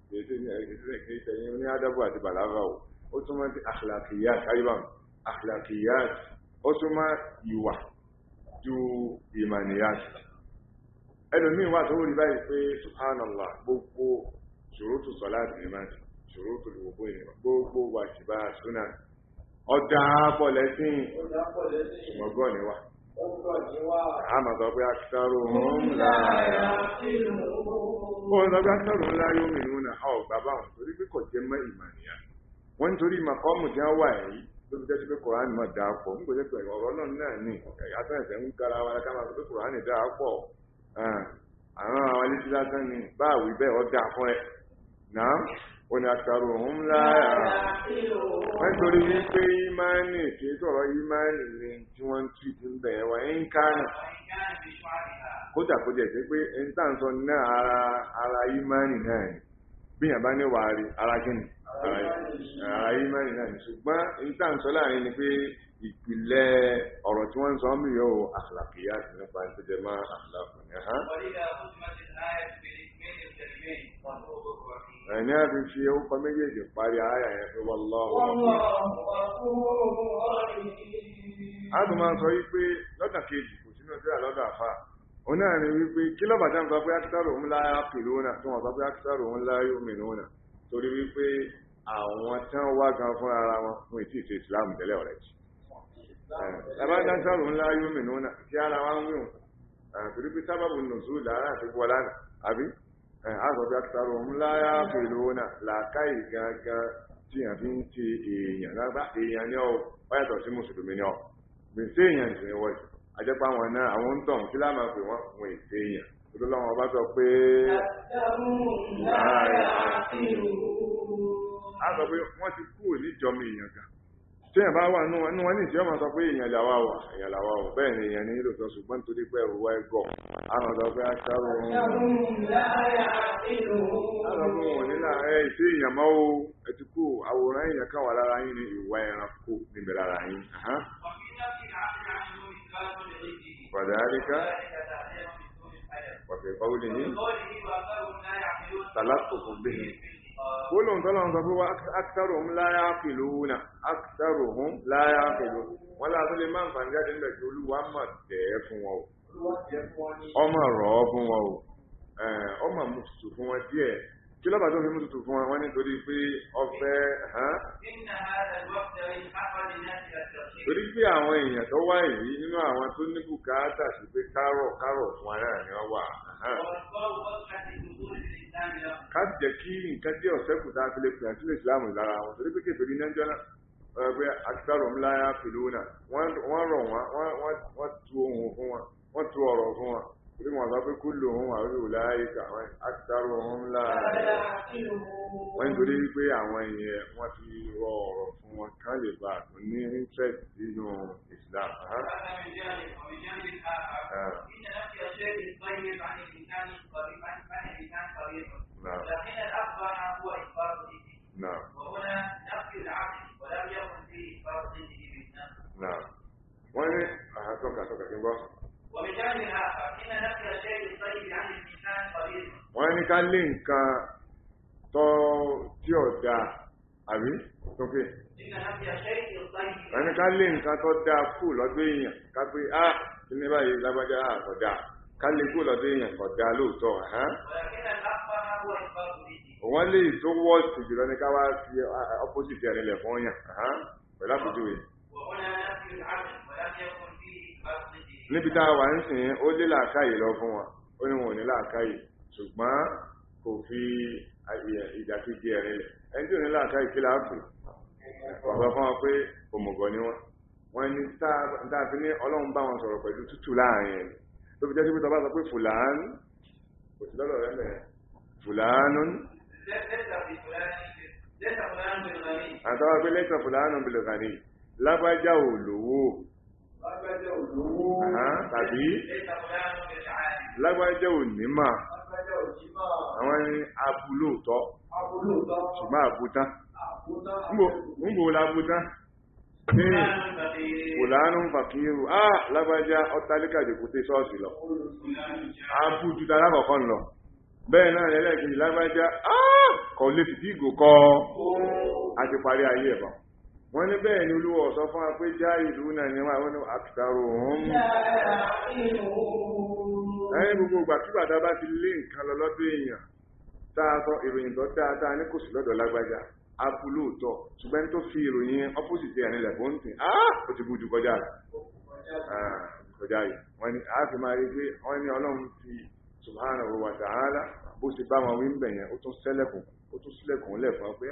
kìí tẹ̀yìn ní ádàbò àti bàlágà o ó súnmọ́ àkìlàkìyà káyọ̀ àkìlàkìyà ó súnmọ́ ìwà ju ìmànìyàn ẹlòmíín wà tó rí báyìí pé subhanallah gbogbo ṣòrótù sọlá àtìmímáṣì ṣòrótù lùwòbó ìrìnà gbogbo wà síbá súnà ọ̀dà pọ̀lẹ́sìn ṣùgbọ́n ni wà sọ pé akitaro ó ń ńlá yóò mìíràn náà ọ̀gbà báwọn torí pé kò jẹ́ mọ́ wọ́n màkọ́mù jẹ́ wà tó fi jẹ́sí pé koran dáa pọ̀ pé ọ̀rọ̀ náà náà ni àtọ́ ẹ̀sẹ̀ ń gara wa ká máa sọ pé dáa pọ̀ àwọn àwọn lásán ni fún ẹ náà ó ní àtàrò òun lára torí wípé ìmáàní ìmáàní ni tí wọ́n ń tù tí ń bẹ̀rẹ̀ wọ́n ń pé ẹni náà ara ìmáàní náà ni bí yàrá bá ní wàá rí ara ìmánì ni ṣùgbọ́n níta ń sọ láàrin ni pé ìpìlẹ̀ ọ̀rọ̀ tí wọ́n ń sọ o àlàkìyà ti nípa tó jẹ mọ́ àlàkùn ha. ẹ̀ní àti fi orúkọ méjèèjì parí ààyà yẹn pé wọ́n lọ́wọ́. a tún máa sọ wípé lọ́dà kejì kò sínú sí àlọ́dà àfa òun náà ni wípé kí lọ́bàá tá ń sọ pé akitaro ńlá pèlú náà tí wọ́n sọ pé akitaro ńlá yóò mìíràn náà torí wípé àwọn tán wá gan fún ara wọn fún ètí ìṣe islam tẹ́lẹ̀ ọ̀rẹ́ jù lábájá sáàrùn ńlá yóò mì nínú kí ara wa ń wíwọ̀n torí pé sábàbù nùsùn làárà àti bọ́lá nà àbí àgbàgbà sáàrùn ńlá yá pẹ̀lú náà làákàyè gangan tí èèyàn fi ń ti èèyàn lágbá èèyàn ní ọ ọyàtọ̀ sí mùsùlùmí ní ọ gbèsè èèyàn sì ni wọ́n àjẹpá wọn náà àwọn ń tọ̀ kí láàmà pé wọ́n ọba sọ pé. àtàwọn ọ̀nà àìsàn á sọ pé wọ́n ti kú ò níjọmọ èèyàn gan tí èèyàn bá wà nú wọn nú ní ìṣẹ́ sọ pé èèyàn làwa wà èèyàn làwa wà bẹ́ẹ̀ ni èèyàn ní ìlò sọ ṣùgbọ́n nítorí pé ẹ̀rù wa ẹ̀ gọ̀ á sọ sọ pé á sáré wọn. á sọ pé wọn ní láàá ẹ ìṣe èèyàn mọ́ o ẹ ti kú àwòrán èèyàn kan wà lára yín ní ìwà ẹranko níbẹ̀ lára yín. Fàdáríká wàfẹ̀ kọ́wé lè ní. Tàlátòkò bẹ́ẹ̀. gbólóhùn tó lọ́n bụwa pé wá akitaro ń láyà pèlú náà akitaro ń láyà pèlú wọn lára tó lè máa ń fà jáde níbẹ̀ tó olúwa o ọmọ o kí lọ́ba tó fi mú tutù fún wọn nítorí pé ọfẹ́ hàn. torí pé àwọn èèyàn tó wá èyí nínú àwọn tó ní bùkátà sí pé kárọ̀ kárọ̀ fún ara rẹ̀ wà. ká jẹ́ kí nǹkan tí ọ̀sẹ̀ kù tá a fi lè pè àti lè sílámù lára wọn torí pé kébèrè náà jọ́nà pé akitaro ńlá yá pẹ̀lú náà wọ́n rọ̀ wọ́n wọ́n tu ohun fún wọn wọ́n tu ọ̀rọ̀ fún wọn. Ibi wọn sọ pé kú lò wọn wà lórí òláyé kà wọn àtàrò wọn ńlá. Wọ́n nítorí wípé àwọn ẹ̀yẹ wọ́n ti rọ ọ̀rọ̀ fún wọn kán lè bá àtún ní interest nínú Islam. lé nǹkan tọ́ tí ò dáa àbí tó pé ẹni ká lé nǹkan tọ́ dáa kù lọ́dọ̀ èèyàn ká pé á ah, kí ní báyìí lágbájá àkọ́dá ah, ká lè kú lọ́dọ̀ èèyàn kọ̀dá lóòótọ́ wọ́n lè tó wọ́ọ̀sì jùlọ ní ká wá sí opposite ẹni lẹ̀ fún yàn pẹ̀lú àpèjúwe níbi tá a wà ń sìn ó lé làákàyè lọ fún wa ó ní wọn ò ní làákàyè ṣùgbọ́n kò fi ìdàkejì ẹ̀rin lẹ̀ ẹni tí ò ní láàká ìkílá àpè ọ̀sọ̀ fún wọn pé òmùgọ̀ ni wọn wọn ní táà fi ní ọlọ́run bá wọn sọ̀rọ̀ pẹ̀lú tútù láàrin ẹni tó fi jẹ́ sí pé tọba sọ pé fùlàánù kò sí lọ́dọ̀ rẹ̀ mẹ́rin fùlàánù àtàwọn pé lẹ́tà fùlàánù bìlọ̀gàní lágbájá ò lówó tàbí lágbájá ò nímà àwọn ẹni abu lóòtọ́ ṣùgbọ́n àbútán ńgbò lábútán ní ìpòlánú fàkírù á lágbájá ọ́tálíkà jòkúté sọ́ọ̀sì lọ abu jùta lákọ̀ọ́kọ́ lọ bẹ́ẹ̀ náà lẹ́lẹ́gbẹ̀ẹ́ lágbájá á kọ̀ lè fìdí ìgò kọ àti parí ayé ẹ̀bọ̀ wọ́n ní bẹ́ẹ̀ ni olúwọ̀ sọ fún wa pé já ìlú náà ni wọ́n àwọn àkìtàrò òun lẹ́yìn gbogbo ìgbà tí bàtà bá ti lé nǹkan lọ lọ́dọ̀ èèyàn tá a sọ ìròyìn tó dáadáa ní kò sí lọ́dọ̀ lágbájá lóòótọ́ ṣùgbọ́n tó fi ìròyìn opposite ẹ̀ nílẹ̀ bó ń tì á ti bójú kọjá rẹ̀ kọjá yìí wọ́n ní a fi máa rí pé wọ́n ní ọlọ́run ti subhanahu wa ta'ala bó ti bá wọn wí ń bẹ̀yẹn ó tún sẹ́lẹ̀kùn ó tún sílẹ̀kùn pé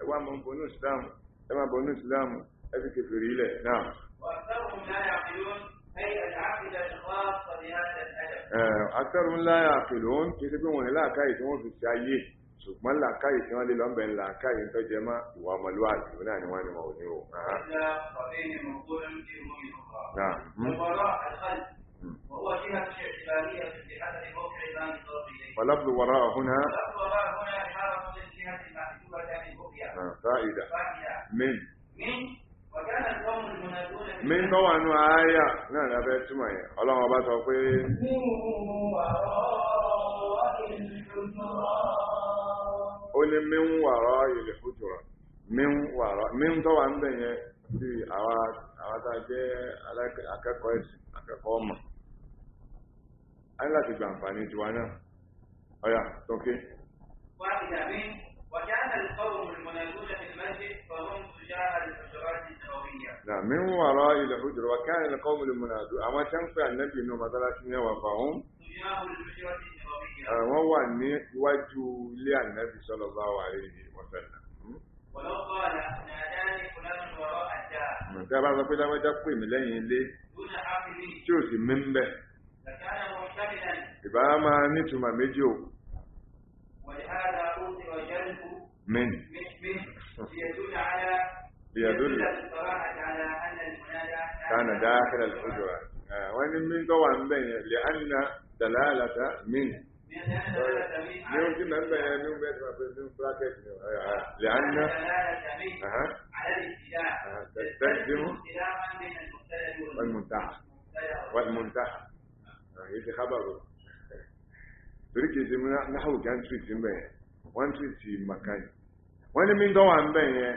ẹ wá mọ ìsìlámù ẹ má ìsìlámù ẹ fi kẹfìrí ilẹ̀ náà. أي العقل الخاص بهذا الأدب آه، أكثرهم لا يعقلون يسبون لا كايتهم في الشيء ṣùgbọ́n làákàyè tí wọ́n lè lọ́bẹ̀ ń làákàyè tó jẹ mọ́ نعم ọmọlúwàbí ìwé náà ni wọ́n ní wọn ò ní o. ولفظ وراء هنا آه، فائدة من من mi ń tọ́wà nú àáyà náà lábẹ́ túmọ̀ yẹn ọlọ́run ọba sọ pé. ó ní mi ń wàrọ̀ ilẹ̀ mi ń ń àwa a jẹ́ akẹ́kọ̀ọ́ ẹ̀sìn akẹ́kọ̀ọ́ ọmọ a ní láti gba ọ̀yà tókè. نعم من وراء الحجر وكان القوم المنادون أما تنفع النبي إنه مثلا سنة وفاهم وهو أن يوجه للنبي صلى الله عليه وسلم ولو قال ناداني فلان وراء الدار من تابع ربي لما تقوي ملين لي دون حافظين شو سمين به فكان ما نتما مجيو ولهذا أوصي وجلب من من ليدل على ليدل كان داخل الحجرة آه، وإن من قوى بين لأن دلالة منه نيو ان من آه، آه، بين نيو بيت من براكت لأن أها تستخدم والمنتهى والمنتهى يجي خبره تريد نحو كان تريد من بين وان مكان وإن من قوى بين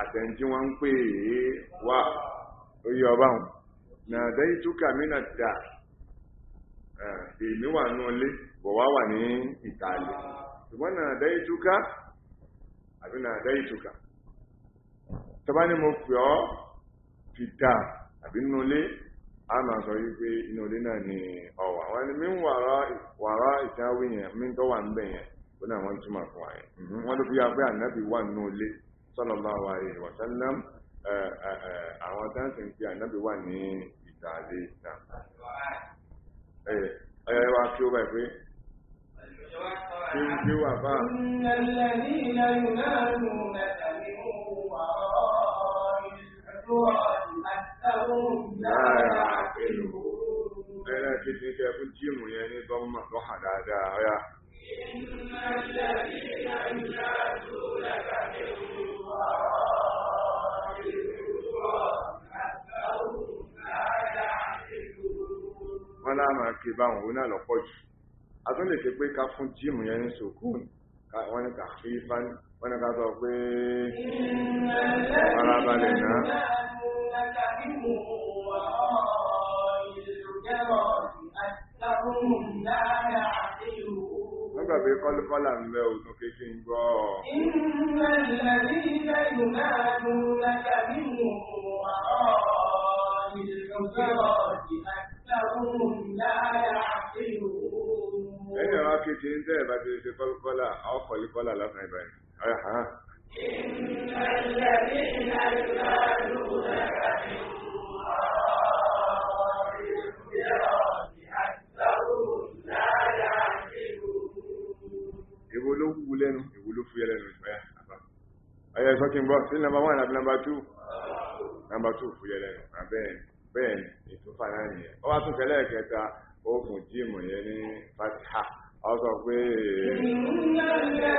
àtẹni tí wọ́n ń pè é ọba wọn na ìtúkà mìíràn dà èmi wà nù ọlé bọ̀wá wà ní ìtàlẹ̀ ṣùgbọ́n nàdá ìtúkà àbí nàdá ìtúkà tọ́ba ni mo pè ọ́ fi dà àbí nù ọlé a máa sọ wípé inú náà ni ọwà wọn ni mí ń wàrà ìtàwé yẹn mí ń bẹ̀ yẹn túmọ̀ fún wa sallallahu alaihi wa sallam àwọn táǹtì ń pe ànábì wà ní ìtàlẹ̀ ìtàn. ẹ̀yẹ wa kí ó bá pé kí n kí wà bá. Ẹ̀rẹ́ kìí ṣe fún jíìmù yẹn ní gọ́ọ̀mà lọ́hà dáadáa ọ̀yà. Ìnáṣẹ́ ìlànà tó lágbàdé wù wọ́n náà máa ké báwọn òun náà lọ́pọ̀ jù a lè ké pé ká fún jíìmù yẹn ní sòkún wọ́n ní ká fi ifá wọ́n ní ká sọ pé farabalẹ̀ náà Thank you gbàgbé kọ́lùkọ́là ń bẹ òtún kéṣe ń gbọ́. Iná ìlànà ilé ìlú náà dùn lẹ́ka bí mo wà ọ́ ìdìbò Ẹni àwọn akéde ń tẹ́ ìbá ti ṣe kọ́lùkọ́là, àwọn kọ̀lùkọ́là lọ́kàn ìbáyìí. Ìrìnàjò ìlànà ìlú náà dùn lẹ́ka bí wú lẹ́nu èwo ló fúyẹ́ lẹ́nu ìfẹ́ àbá ayé sọ kí n bọ́ sí nọmba one àti nọmba two nọmba two fúyẹ́ lẹ́nu àbẹ́ẹ̀ bẹ́ẹ̀ ni ètò fàlà nìyẹn ó wá tún fẹ́ lẹ́ẹ̀kẹta ó kùn jíìmù yẹn ní fatiha ó sọ pé. ìmúlẹ̀ ilẹ̀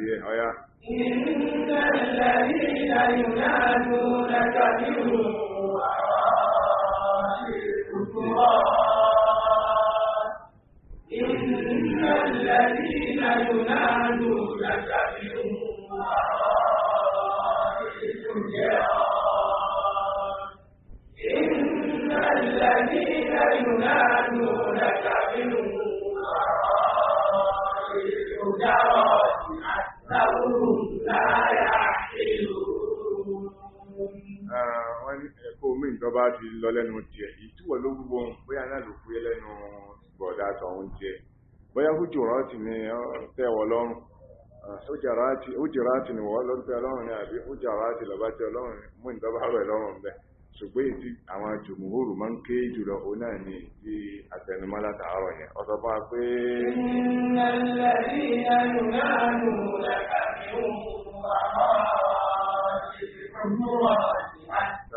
àlàyé ẹ̀ ọ̀yá. Ìnà ìlàrí ìlàyùnà àdúrà kàbírù àwọn ìrùkú ọ̀. Ìnà ìlàrí ìlàyùnà àdúrà kàbírù. wá ti lọ lẹ́nu tiẹ̀ ìtúwọ̀ ló wúwo bóyá náà ló fúyẹ́ lẹ́nu bọ̀dá tọ̀hún tiẹ̀ bóyá hújù ráàtì ni tẹ́wọ̀ lọ́rùn hújù ráàtì ni wọ́n lọ́tẹ́ ọlọ́run ni àbí hújù ráàtì lọ́ba tẹ́ ọlọ́run mú ìdọ́bà rẹ̀ lọ́rùn bẹ́ẹ̀ ṣùgbọ́n èyí tí àwọn jùmùhóòrù máa ń ké jùlọ òun náà ni ti àtẹnumọ́ látàárọ̀ yẹn ọ̀sọ̀ bá a pé. ìnàlẹ́rí ẹnu náà nù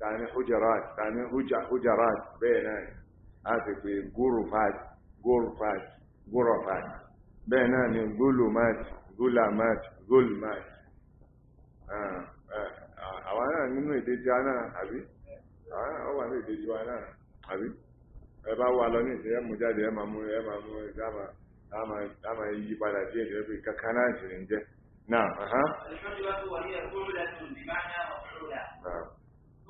تعني حجرات تعني حجرات بينان عاتق غرفات غرفات غرفات بينان ظلمات ظلمات ظلمات àwọn náà nínú èdè tí a náà àbí wa lọ ní ìṣẹ́ ẹmú jáde ẹ máa mú ẹ máa mú ẹ dáàmà yí padà díẹ̀ díẹ̀ pé kankan náà ṣì ń jẹ́ náà.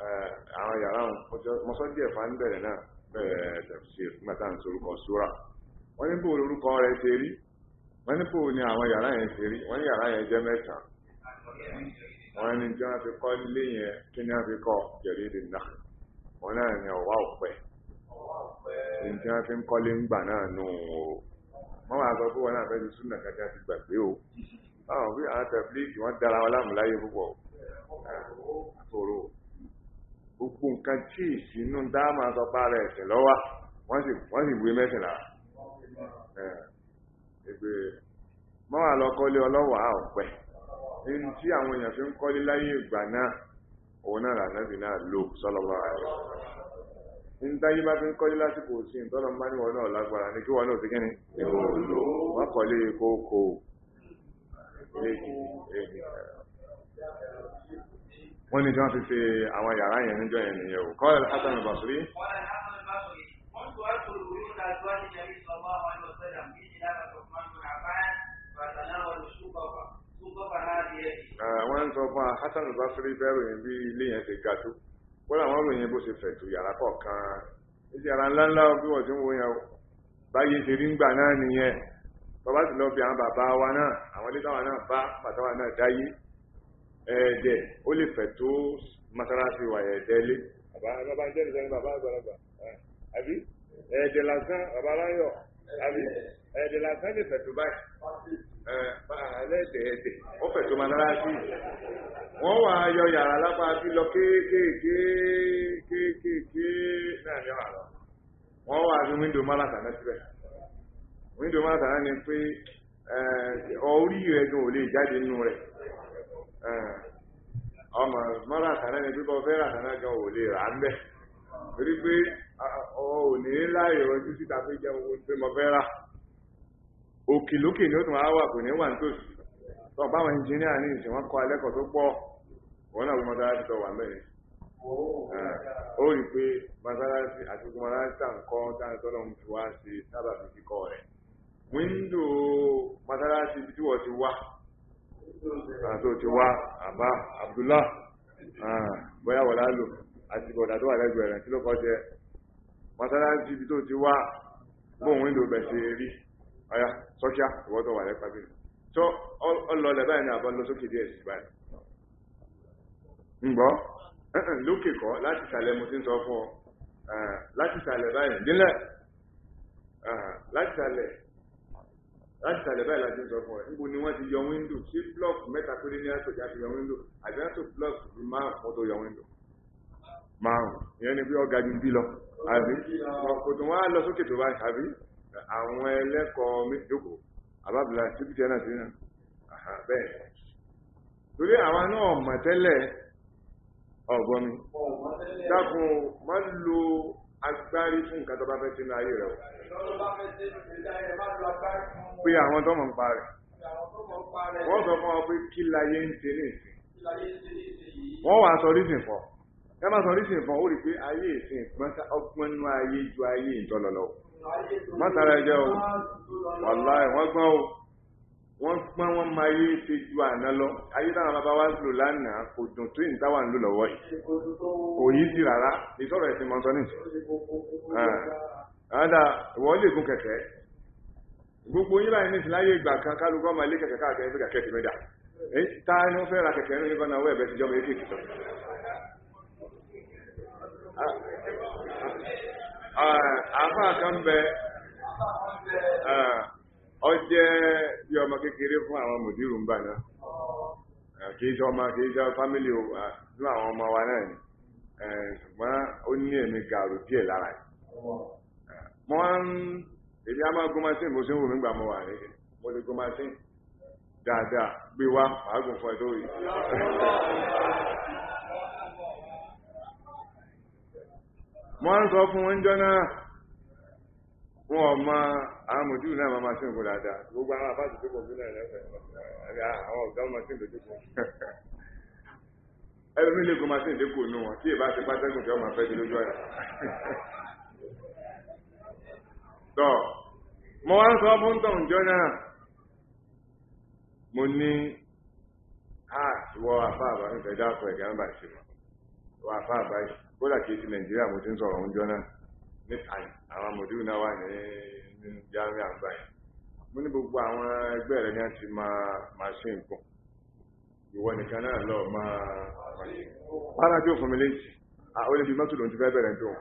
Eh, àwọn yàrá mọ́sọ́jì ẹ̀fà ń bẹ̀rẹ̀ náà bẹ̀rẹ̀ tẹ̀sí mẹ́ta ń sorúkọ súra wọ́n ní bò lórúkọ rẹ̀ ṣe rí wọ́n ní bò ní àwọn yàrá yẹn ṣe rí wọ́n ní yàrá yẹn jẹ́ mẹ́ta wọ́n ní jẹ́ wọ́n fi kọ́ ilé yẹn kí ni wọ́n fi kọ́ jẹ̀rí ìdè náà wọ́n náà ní ọ̀wá ọ̀pẹ ní wọ́n fi ń kọ́lé ńgbà náà nù o wọ́n wàá sọ pé wọ́n náà fẹ́ ti súnà kájá gbogbo nǹkan tí ìsinú dá máa sọ pa rẹ̀ ẹ̀sẹ̀ lọ́wọ́ wọ́n sì wọ́n sì wé mẹ́sìnlá ẹgbẹ́ mọ́wàá lọ kọ́lé ọlọ́wàá ọ̀pẹ ní tí àwọn èèyàn fi ń kọ́lé láyé ìgbà náà òun náà lànàbì náà lò sọ́lọ́wọ́ rẹ̀ ní táyé bá fi ń kọ́lé lásìkò sí ìtọ́lọ́ bá níwọ̀n náà lágbára ní kí wọ́n náà ti kí ni wọ́n kọ́lé kókó wọ́n ní tí wọ́n fi ṣe àwọn yàrá yẹn níjọ́ yẹn nìyẹn o kọ́lẹ̀ hasan al-basri. wọ́n sọ fún hasan al-basri bẹ́rù yẹn bí ilé yẹn ti ga tó wọ́n làwọn ròyìn bó ṣe fẹ̀tù yàrá kọ̀ọ̀kan èsì yàrá ńláńlá bí wọ́n ti ń wo yẹn o báyé ṣe rí ń gbà náà nìyẹn bàbá sì lọ bí àwọn bàbá wa náà àwọn ilé táwọn náà bá pàtàwọn náà dáyé ẹ̀ẹ̀dẹ̀ ó lè fẹ̀ tó masalasi wà ẹ̀ẹ̀dẹ̀ lé bàbá bàbá ń jẹ́rìí sẹ́ni bàbá àgbàlagbà àbí ẹ̀ẹ̀dẹ̀ lásán bàbá aláyọ̀ àbí ẹ̀ẹ̀dẹ̀ lásán lè fẹ̀ tó báyìí ẹ̀ẹ̀dẹ̀ ẹ̀ẹ̀dẹ̀ ó fẹ̀ tó masalasi wọ́n wà yọ yàrá lápá sí lọ kéékèèké kéékèèké náà ní ọ̀rọ̀ wọ́n wà ní wíńdò málàtà náà síbẹ̀ wíńdò málàtà náà ni pé orí rẹ̀ gan ò lè jáde nínú rẹ̀ Ọ ma mara ni pípọ̀ fẹ́ràn àtàná gan ò lè rà mbe. bẹ̀ torí ọ ò ní láì rọjú síta pé jẹ́ owó pé mo fẹ́ rà òkè ni ó tún wá wà kò ní wà nítòsí tó báwọn ẹnjìníà ní ìsìn wọn kọ wọn náà wọ́n mọ́sálásí tó wà wa. tó ti wá àbá Abdullah ah, bóyá wọ̀lá lò àti bọ̀dà tó wà lẹ́gbẹ̀ẹ́ rẹ̀ kí ló kọ́ jẹ́ mọ́sálásí ibi tó ti wá bóun ń lò bẹ̀ ṣe rí ọ̀yà sọ́kíá ìwọ́tọ̀ wà lẹ́pàá tó báyìí ní àbọ̀ díẹ̀ sí báyìí lókè láti sàlẹ̀ mo ti ah, láti sàlẹ̀ báyìí nílẹ̀ ah, láti sàlẹ̀ láti tàlẹ̀ báyìí láti sọ fún ẹ níbo ni wọ́n ti yọ wíńdò sí blọọkù mẹ́ta péré ní àtòjá ti yọ wíńdò àbí àtò blọọkù bíi márùn kó tó yọ wíńdò márùn ìyẹn ni bí ọ̀gá ju bí lọ àbí kò tó wọ́n á lọ sókè tó báyìí àbí àwọn ẹlẹ́kọ̀ọ́ méjìdókòó àbábìlà síbi tí ẹ náà ti rìn bẹ́ẹ̀ torí àwa náà mọ̀ tẹ́lẹ̀ ọ̀gbọ́n mi dákun má lo agbárí fún nǹkan tó bá fẹ́ sínú ayé rẹ̀ o pé àwọn tó mọ̀ ń pa wọ́n sọ fún ọ pé kí láyé ń ṣe ní ìsìn wọ́n wà sọ rísìn fọ́ ẹ má sọ rísìn fọ́ ó rí pé ayé ìsìn ọgbọ́n nú ayé ju ayé ìtọ́lọ́lọ́ wọ́n tara ẹjẹ́ o wàlá wọ́n gbọ́n o wọ́n gbọ́n wọn ma ayé ṣe ju àná lọ ayé táwọn bàbá wa lò lánàá kò dùn tó ìyìn táwọn lò lọ́wọ́ yìí kò yí sí rárá ìtọ́rọ̀ ẹ̀sìn mọ́tọ́ nìyí. ọ̀dà ìwọ lè gún kẹ̀kẹ́ gbogbo yín báyìí nísìnyí láyé ìgbà kan kálukú ọmọ ilé kẹ̀kẹ́ káàkiri fún kẹ̀kẹ́ ti mẹ́dà ta ni wọ́n fẹ́ ra kẹ̀kẹ́ nínú ìbọn náà ẹ̀bẹ̀ ti èké ti sọ. àfa kan bẹ ọmọ kékeré fún àwọn mòdìrú ń bà náà ọmọ ọmọ wa náà ṣùgbọ́n ó ní mo wá ń èdè a máa gún machine bó ṣe ń wò mí gbà mo wà ní mo lè gún machine dáadáa gbé wá àágùn fún ẹ tó yìí. mo wá ń sọ fún wọn jọ náà wọn ò mọ àwọn mòtí náà máa machine kó dáadáa gbogbo àwọn àbájọ tó kọ̀ sílẹ̀ lẹ́fẹ̀ẹ́ àwọn ọ̀gá machine tó dé kọ̀ ẹlòmílẹ̀ kó machine dé nù wọn tí ì bá pátákùn tí wọ́n máa fẹ́ di lójú ọ̀yà tọ́ mo wá ń sọ fún tọ̀hún jọ náà mo ní àtiwọ́ ah, afá àbá ń fẹ́ dákọ̀ ẹ̀gá ń bà ṣe mọ̀ wọ́n afá àbá yìí kódà kìí ti nàìjíríà mo ti ń sọ̀rọ̀ oúnjọ náà ní àwọn mòdúrú náà wà ní jáàmì àgbà yìí mo ní gbogbo àwọn ẹgbẹ́ rẹ̀ ní àti máa máa ṣe nǹkan ìwọ nìkan náà lọ máa bára tí ó fún mi léyìí àwọn ah, olè bíi mọ́tò lòún ti fẹ́ bẹ̀rẹ̀ tó <laughs>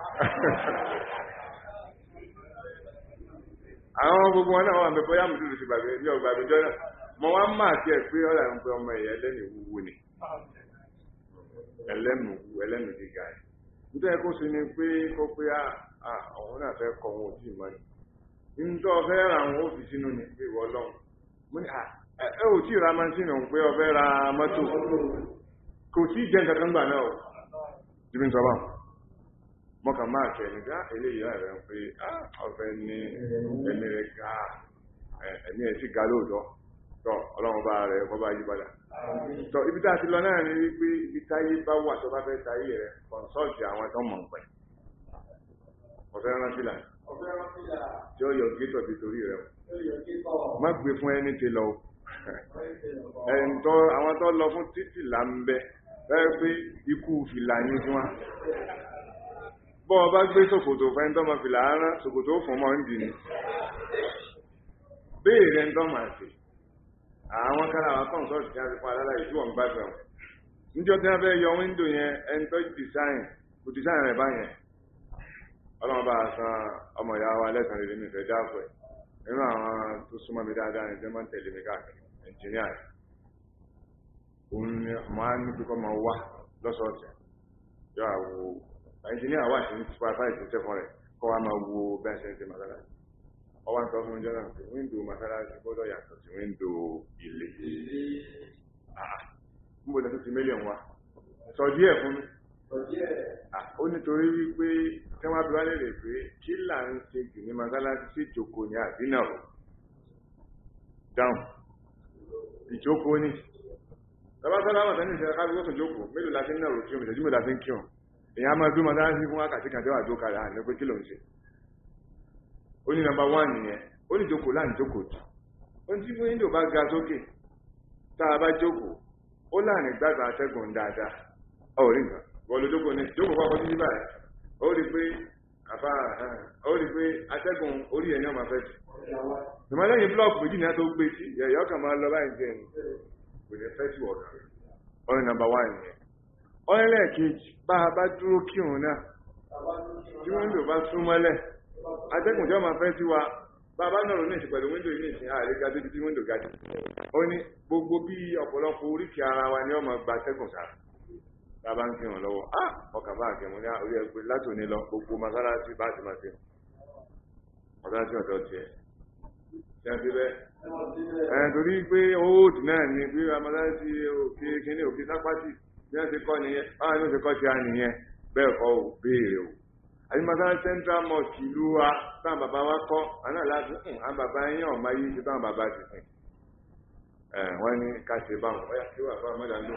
àwọn gbogbo wọn náà wà mẹ́fọ́ yá mùsùlùmí ti gbàgbé ní ọgbà àgbẹjọ́ náà mọ wá ń máa tiẹ̀ pé ọ̀là ń pẹ́ ọmọ ẹ̀yà ẹlẹ́nu ìwúwo ni ẹlẹ́nu ẹlẹ́nu gíga ẹ̀ nítorí kó sì ni pé kó pé ah, ah, àwọn náà fẹ́ kọ wọn ò tí ì nítorí ọ̀fẹ́ ra àwọn òfin sínú ni pé ìwọ lọ́hùn mo ní ah, ẹ ò tí ì ra mọ́tò òun pé ọ̀fẹ́ ra mọ́tò kò tí ì jẹ́ nǹkan kan gbà náà o jìbìtì ọba mọ́kà máa kẹ́ ní gá ah, eléyìí rẹ̀ ń pé ọ̀fẹ́ ní ẹ̀mí rẹ̀ ga ẹ̀mí ẹ̀ sì ga lóòótọ́ tọ́ ọlọ́run bá rẹ̀ kọ́ bá yí padà. tọ́ ibi tá a ti lọ náà ni wípé ibi táyé bá wà tó bá fẹ́ táyé rẹ̀ kọ́nsọ́ọ̀tì àwọn tó mọ̀ pẹ̀. ọ̀fẹ́ rán fìlà tí ó yọ gétọ̀ ti torí rẹ̀ o má gbé fún ẹni tí lọ o ẹ̀ǹtọ́ àwọn tó lọ fún títì là ń bẹ bẹ́ẹ̀ pé ikú fìlà yín fún wa bọ́ ọ bá gbé ṣòkòtò fẹ́ni tọ́mọ fìlà rán ṣòkòtò fún ọmọ ń dìní béèrè ń tọ́mọ àti àwọn kára àwọn kọ́ńtọ́ọ̀tì tí a ti pa alára ìjú ọ̀n gbàgbẹ́ wọn níjọ́ tí wọ́n fẹ́ yọ wíńdò yẹn ẹni tó dìsáìn kò dìsáìn rẹ̀ báyẹn ọlọ́run bá san ọmọ ìyá wa lẹ́sàn lè mi fẹ́ dáàbò ẹ̀ nínú àwọn tó súnmọ́ mi dáadáa ní jẹ́mọ́ tẹ̀lé mi káàkiri ẹ̀ńjìníà ni ọmọ á ní kíkọ́ máa wá ẹnjìníà wà sí supervise iṣẹ́ fún rẹ̀ kọ́ wa máa wo bẹ́ẹ̀ ṣe ń ṣe màsálásí ọwọ́ nǹkan fún jọ́nà pé wíńdò màsálásí gbọ́dọ̀ yàtọ̀ sí wíńdò ilé ah, níbo lọ sí ti wa sọ díẹ̀ fún mi ah, ó nítorí wípé tí wọ́n bí wá lérè pé kí là ń ṣe jù ní màsálásí sí ìjókòó ní àdínà rò dáhùn ìjókòó ní tọ́básálámà tẹ́lẹ̀ ìṣẹ́ká bí wọ́n tó jókòó mélòó la ti ń náà rò kí omi ìṣẹ́jú mélòó la ti ń kírun èyàn máa dúró mọ́tàlá sí fún wákàtí kan tẹ́wà tó kalẹ̀ àná pé kí ló ń ṣe ó ní nọ́mbà wán nìyẹn ó ní jókòó láàrín jókòó tù ó ní tí fún yíndò bá ga sókè tá a bá jókòó ó láàrín gbàgbà atẹ́gùn dáadáa ó rí nǹkan wọ́n ló jókòó ní jókòó pàpọ̀ títí báyìí ó rí pé àfa ó rí pé atẹ́gùn orí ẹ̀ máa fẹ́ tù ìmọ̀ lẹ́yìn blọọkù méjì náà tó gbé sí ẹ̀yọ́ kan máa lọ báyìí jẹ́ ni ọlẹ́lẹ́kejì bá a bá dúró kírun náà tí wíńdò bá sún mọ́lẹ̀ atẹ́gùn tí máa fẹ́ sí wa bá a bá nọ̀rọ̀ ní ìsìn pẹ̀lú wíńdò yìí ní ìsìn àárẹ̀ ga débi tí wíńdò ga dé ó ní gbogbo bí ọ̀pọ̀lọpọ̀ oríkì ara wa ni wọ́n máa gba atẹ́gùn sára bá a bá ń kírun lọ́wọ́ á ọkà bá àkẹ́mu ní ti òkè kíní òkè sápátì bí ti kọ́ nìyẹn báwọn ló ti kọ́ ti bẹ́ẹ̀ kọ́ ò béèrè o central mosque ìlú wa táwọn bàbá wa kọ́ àná láti hùn hmm, àwọn bàbá yín ọ̀ma yìí ti táwọn bàbá ti hùn wọ́n ní ká ṣe báwọn ọ̀yà tí wà fún àmọ́dá ló.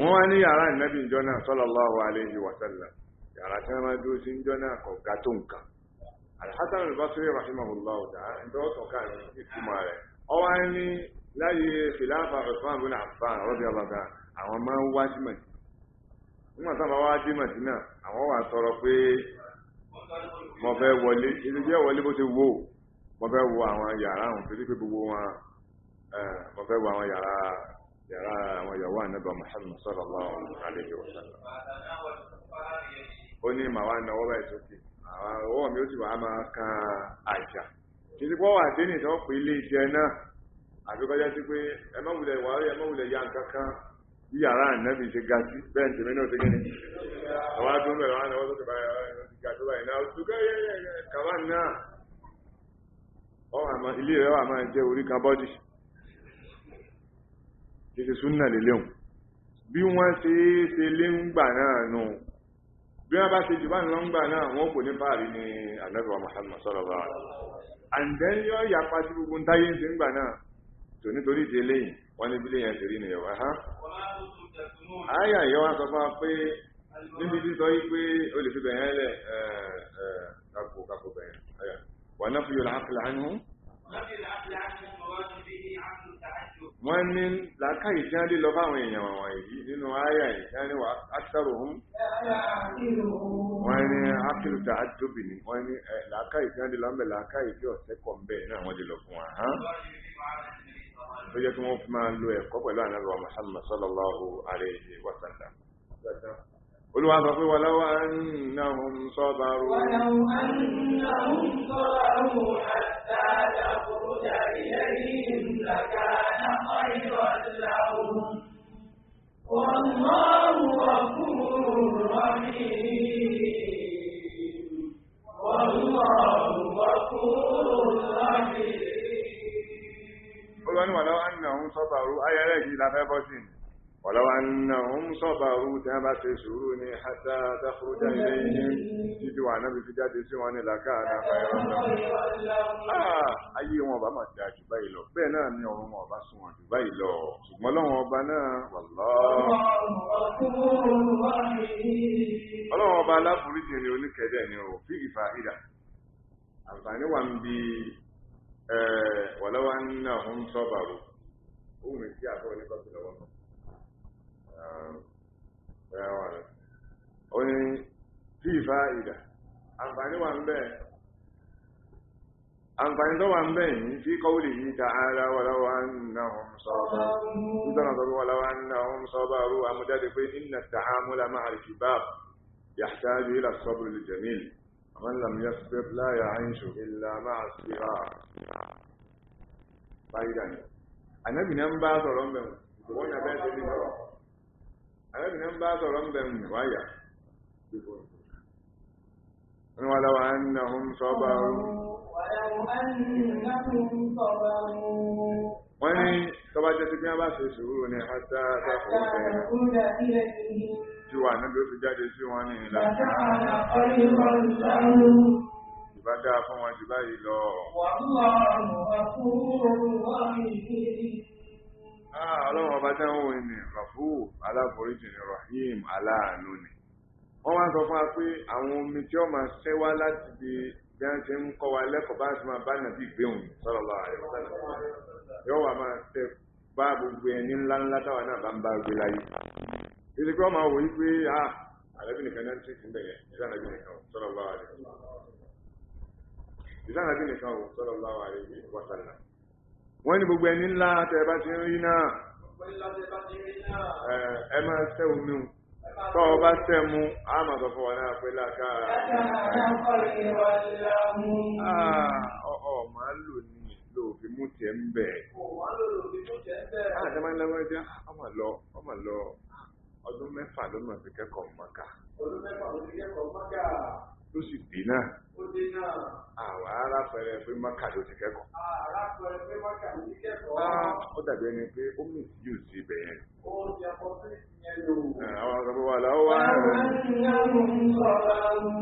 wọ́n wá ní yàrá ìnábì ìjọ náà sallallahu alaihi wa na yàrá tí wọ́n máa dúró sí ìjọ náà kọ̀ ga tó nǹkan. al-Basri rahimahullah ọ̀dà àwọn máa ń wá sí nígbà táwọn wá dé màdínà àwọn wà sọ̀rọ̀ pé mo fẹ́ wọlé ibi jẹ́ wọlé bó ti wò mo fẹ́ wo àwọn yàrá àwọn torí pé gbogbo wọn eh, mo fẹ́ wo àwọn yàrá yàrá àwọn ìyàwó ànábà Muhammad sallallahu alaihi wa sallam ó ní màá wá náwó báyìí sókè àwọn ọwọ́ mi ó sì wàá máa kan àjà títí wà dénì tó pè ilé ìjẹ náà àbíkọ́já sí pé ẹ wàá rí ẹ má nǹkan kan bí yàrá ànábì ṣe ga sí bẹ́ẹ̀ tèmi náà ṣe gẹ́ni àwọn adúlọ́ bẹ̀rẹ̀ wọn lọ́wọ́ sókè báyìí ọ̀rọ̀ ti ga tó báyìí náà ṣùgbọ́n yẹ́yẹ́ kàwá náà ọ̀hàmà ilé rẹ̀ wà máa jẹ́ orí kan bọ́dì kìí súnà lè léhùn bí wọ́n ṣe é ṣe lé ń gbà náà nù bí wọ́n bá ṣe jù bá ń lọ ń gbà náà wọ́n kò ní báàrí ní ànábì wa Muhammad sọ̀rọ̀ bá and then yóò yàpa sí gbogbo ń tò nítorí ìdí eléyìí wọ́n ní bílẹ̀ yẹn tèrí nìyẹ̀wò ẹ̀hán. àyà yẹn wá sọ fún wa pé níbi tí sọ yí pé o lè fi bẹ̀yẹn lẹ̀ kakò kakò bẹ̀yẹn. wà náà fi yọ̀ làákìlà ánú. wọ́n ní làákàyè tí wọ́n dé lọ fáwọn èèyàn wọ̀nyàn yìí nínú àyà yìí tí wọ́n ní wà ákítàrò hún. wọ́n ní ákìlù tà á tóbi ni wọ́n ní làákàyè tí wọ́n dé lọ́mọ tó jẹ́ kí wọ́n fi máa lo ẹ̀kọ́ pẹ̀lú ànábì Muhammad sallallahu alayhi wa sallam olúwa sọ pé walau annahum sabaru walau annahum sabaru hatta takhruja ilayhim lakana khayran lahum wallahu ghafurur rahim wallahu ghafurur rahim sọ́bàrú ayẹrẹ yìí la fẹ́ bọ́ sí ni ọ̀lọ́wà náà ń sọ́bàrú tí wọ́n bá ṣe sùúrù ní hátà dáfúrúdá ilé ihe títí wà náà fi jáde sí wọn ní làkàrà fàyọrọ ah, náà ayé wọn ọba máa dáa jù báyìí lọ bẹ́ẹ̀ náà ni ọ̀run wà lọ́ ọlọ́wọ́n ọba aláforíjì ń náà ń sọ́bàrú ဥမေကြာဖို့လည်းပတ်သက်တော့အာဘယ်ဝါလဲအဝင်ဖြိဖိုက်တာအံပိုင်းဝံပဲအံပိုင်းတော့ဝံပဲဒီကောလီတာအာလာဝလဝန်နဟမ်ဆာဘာဒီတော့ဝလဝန်နဟမ်ဆာဘာရူအမဒဒဖိအင်နတ်တအာမလမအလ်ကီဘာ يحتاج إلى الصبر الجميل ومن لم يصبر لا يعيش إلا مع الصغار بعيدا ànábì náà ń bá sọ̀rọ̀ ń bẹ̀ wọ́n nà bẹ́ẹ̀ tẹ́lẹ̀ bọ̀ ànábì náà ń bá sọ̀rọ̀ ń bẹ̀ wáyà wọ́n wá láwọn annahum sabaru wọ́n ní tọ́ba jẹ́ sí pé wọ́n bá ṣe sùúrù ní hátà sáfò bẹ́ẹ̀ tí wà náà ló fi jáde sí wọn ní ìlànà bá dáa fún wọn jù báyìí lọ. Ah, ọlọ́run ọba tẹ́ ń wò ní rọ̀fù aláforíjì ní rahim aláàánú ni. wọ́n wá sọ fún wa pé àwọn omi tí ó máa ṣẹ́ wá láti di bí wọ́n ṣe ń kọ́ wa lẹ́kọ̀ọ́ bá ti máa bá nàbí gbéhùn sallallahu alaihi wasallam. yóò wá máa ṣe bá gbogbo ẹni ńláńlá táwa náà bá ń bá gbé láyé. ìdíkọ́ máa wò yí pé ah, àlẹ́bìnrin kan náà ń tẹ̀sí bẹ̀yẹn ìdánilẹ́bìnrin kan sallallahu alaihi wasallam. ìsáàlàbí nìkan ò sọ́lọ̀ láwà rẹ̀ yìí wọ́sàlá wọ́n ni gbogbo ẹni ńlá tẹ́ bá ti rí náà ẹ máa tẹ́ omi o tọ́ ọ bá tẹ́ mu á máa sọ fún wa náà pé láàká ah, ọ̀ máa lò ní lòfin mú tiẹ̀ ń bẹ̀. àti máa ń ah, Ọ ah, lọ ọdún mẹ́fà fi tó sì dé náà àwọn ará pẹrẹ pé mọ́kà ló ti kẹ́kọ̀ọ́. ará pẹrẹ pé mọ́kà ló ti kẹ́kọ̀ọ́. ó dàbí ẹni pé ó mì sí ò sí ibẹ̀ yẹn. ó ti ẹ̀kọ́ sí ìyẹn lò. àwọn ọ̀sán bọ̀ wà láwọ́ wá. àwọn ènìyàn ń sọ̀rọ̀ àwọn.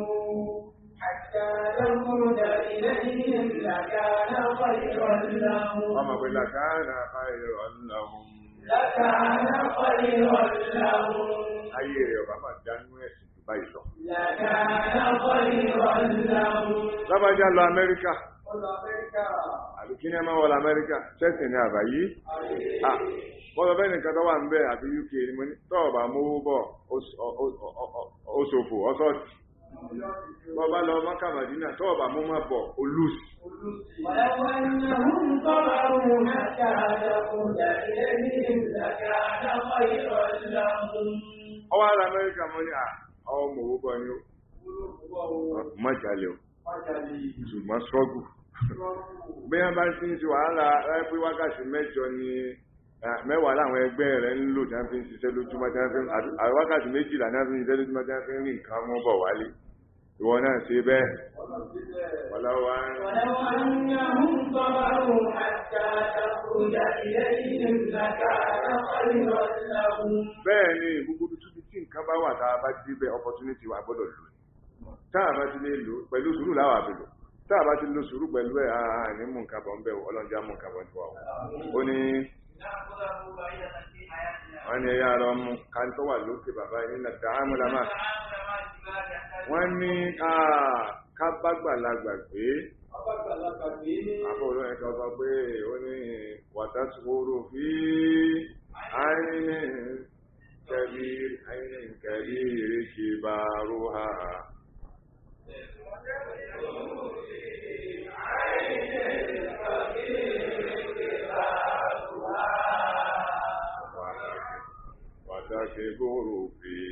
Ọmọ pé làkàánà fàírọ̀ ńlá ohun. Làkàánà fàírọ̀ ńlá ohun. Ayé rẹ̀ ọ̀bá máa dánú. lábàjá lọ amẹ́ríkà àbí kí ni ẹ máa wọ̀ lọ amẹ́ríkà tẹ́sì àbá yìí mo bẹ́ẹ̀ nìkan tó wà ń bẹ̀ àti UK ni mo ní tọ́ọ̀bà mówó bọ̀ ó ṣòfò ọ̀sọ́ọ̀tì lọ mọ́kà màdínà tọ́ọ̀bà má bọ̀ olùsì. ọwọ́ amẹ́ríkà mo ní à àwọn ọmọ owó bá ní ó mọ́jálẹ̀ o ṣùgbọ́n ṣọ́gù bí wọ́n bá ti ń ṣe wàhálà láìpẹ́ wákàtí mẹ́jọ ni mẹ́wàá láwọn ẹgbẹ́ rẹ̀ ń lò tí wọ́n fi ń ṣiṣẹ́ lójúmọ́ tí wọ́n fi ń àti wákàtí méjìlá tí wọ́n fi ń ṣiṣẹ́ lójúmọ́ tí wọ́n fi ń rí nǹkan mọ́ bọ̀ wálé ìwọ náà ṣe bẹ́ẹ̀ wọ́láwọ́ bẹ́ẹ̀ ni ìbúkúdú nǹkan bá wà tá a bá díbẹ̀ opportunity wà gbọ́dọ̀ lò ní tá a bá ti lè lò pẹ̀lú sùúrù láwà fi lò tá a bá ti lò sùúrù pẹ̀lú ẹ̀ àà ní mú nǹkan bọ̀ ń bẹ̀ ọlọ́njà mú nǹkan bọ̀ ń bọ̀ ó ní wọ́n ní ẹ̀yà ara ọmọ kan tó wà lókè bàbá nínú dàámúlámà wọ́n ní kábàgbàlagbà gbé àbọ̀lọ́ ẹ̀ka ọba pé ó ní wàtá tí wóró كبير عين كبير كبارها وتكبر في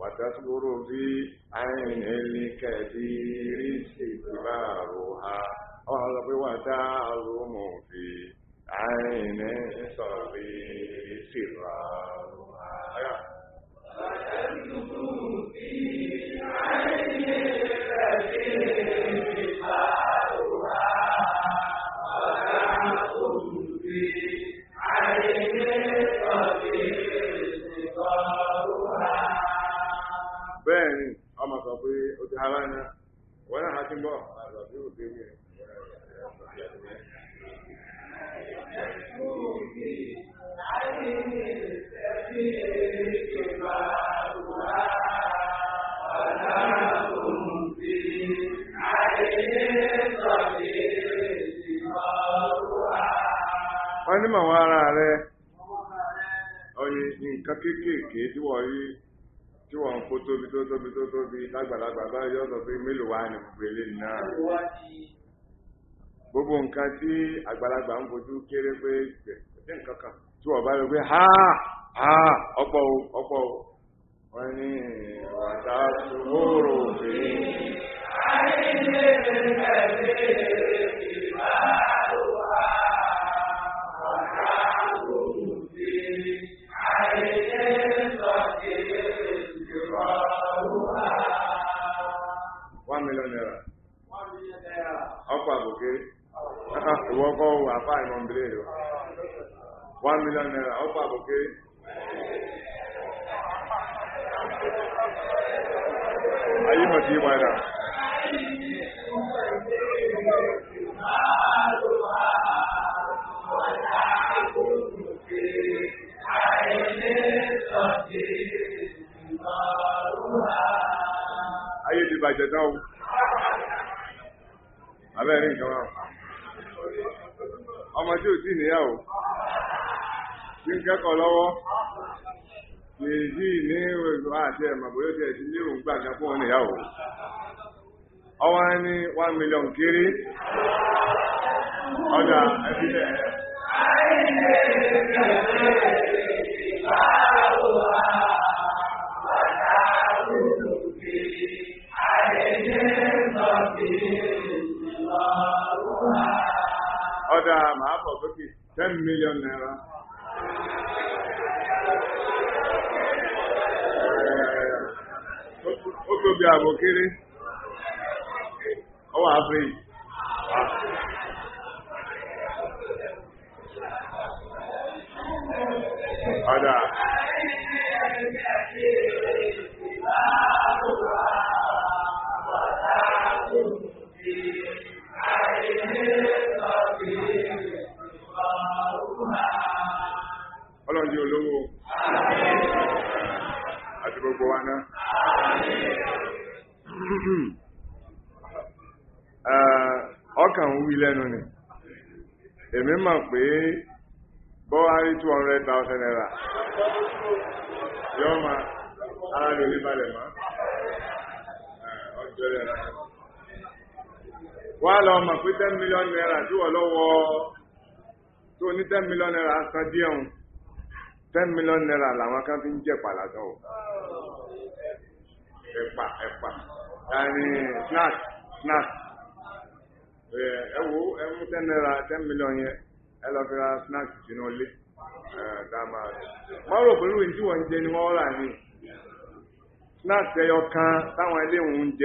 وتذكر في عين الكثير استكبارها وتعظم في عين صغير سرها mọ̀ wọ́n ara rẹ̀ ọyẹ nǹkan kéékèèké tí wọ́n rí tí wọ́n kó tóbi tó tóbi tó tóbi lágbàlagbà báyìí yóò pé mélòó wá ní gbogbo náà gbogbo nǹkan tí àgbàlagbà ha ha ọ̀pọ̀ o ọ̀pọ̀ o wọ́n ní ìwọ kọ́ wà fà ìmọ̀ ìbílẹ̀ rẹ̀ one million naira ó pàbò pé ayé mọ̀ sí padà. Ayé ti bàjẹ́ náà. Abẹ́rẹ́ ìjọba ọmọ tí ò tí níyàwó tí ń kẹ́kọ̀ọ́ lọ́wọ́ èyí ní ìwé àti ẹ̀mà bóyá tí ẹ̀ ti ní òǹgbà kan fún níyàwó ọwọ́ ní one million kéré ọjà ẹ̀fílẹ̀ ẹ̀ wá lọ mọ̀ pé ten million naira tí wọ́n lọ́wọ́ tó ní ten million naira san ten million naira làwọn kan fi ń jẹ pàlàtọ̀ o ẹ̀pà ẹ̀pà snack snack ẹ ẹ ẹ lọ fi ra snack sínú wọ́n rò ìdí wọ́n ń jẹ ni wọ́n rà ní snack ẹyọ kan táwọn ilé òun ti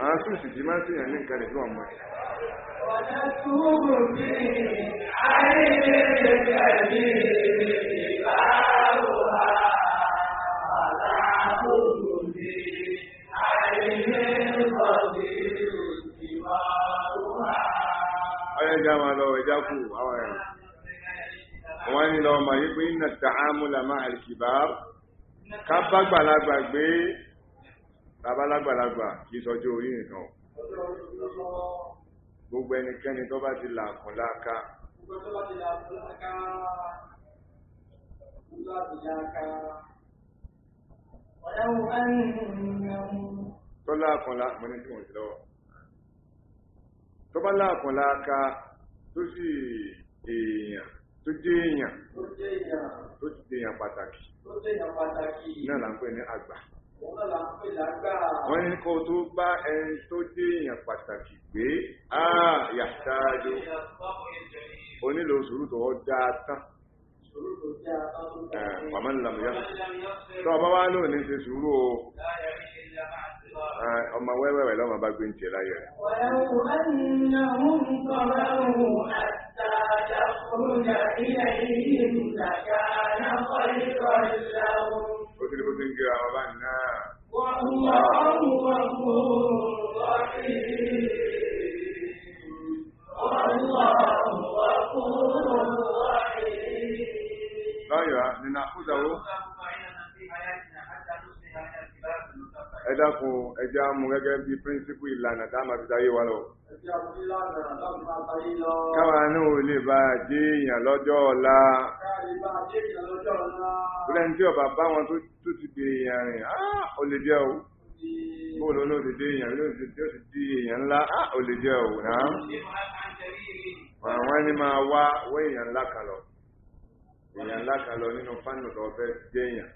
àwọn súùsì tí máa ń sèyàn ní nǹkan lẹ́gbọ́n mọ́ ẹ̀. ọ̀nà túbù mi ayé lè tẹ̀lé ìbáwò wa aláàbò mi ayé lè mọ̀ sí ìwà wa. ọ̀yẹ́ ìjà máa lọ ìjà kù àwọn ẹ̀. wọ́n ní lọ́ọ́ máa yí pé iná tààmù làmáà kìbá ká gbé bàbá lágbàlagbà kì í sọjọ́ orí nìkan gbogbo ẹnikẹ́ni tó bá ti làkùn láàká tó láàkùn láàkùn ní tíwọ̀n sí lọ́wọ́ tó bá láàkùn láàká tó sì èèyàn tó jẹ́ èèyàn tó jẹ́ èèyàn pàtàkì náà là ń pè ní àgbà wọ́n ní kó tó bá ẹni tó dé èèyàn pàtàkì gbé ah, yàtàájú onílò sùúrù tó dáa tán wàmán lamuyá tó ọba eh, wá lóò ní ṣe sùúrù o eh, ọmọ wẹ́wẹ́wẹ́ lọ́mọ bá gbé ń tiẹ̀ láyé rẹ̀. وَلَوْ ó bó ti ń gira ọba náà. wọ́n wá ọ̀hún wọn kò wá sí wọ́n wá ọ̀hún wọn kò wá sí. lọ́yọ̀ọ́ nínú àkúdàwó. ẹ dákun ẹjẹ́ á mú gẹ́gẹ́ bí píríncípù ìlànà tá a máa fi dáyé wa lọ. káwa náà ò lè bá a jẹ́ èèyàn lọ́jọ́ ọ̀la. bílẹ̀ ní tí ọba bá wọn tó ti di èèyàn rìn ó lè jẹ́ o. bóòlù olóòdì di èèyàn olóòdì tí ó ti di èèyàn ńlá ó lè jẹ́ o. àwọn ẹni máa wá wọ èèyàn ńlá kan lọ èèyàn ńlá kan lọ nínú fánù tó fẹ́ jẹ́ èèyàn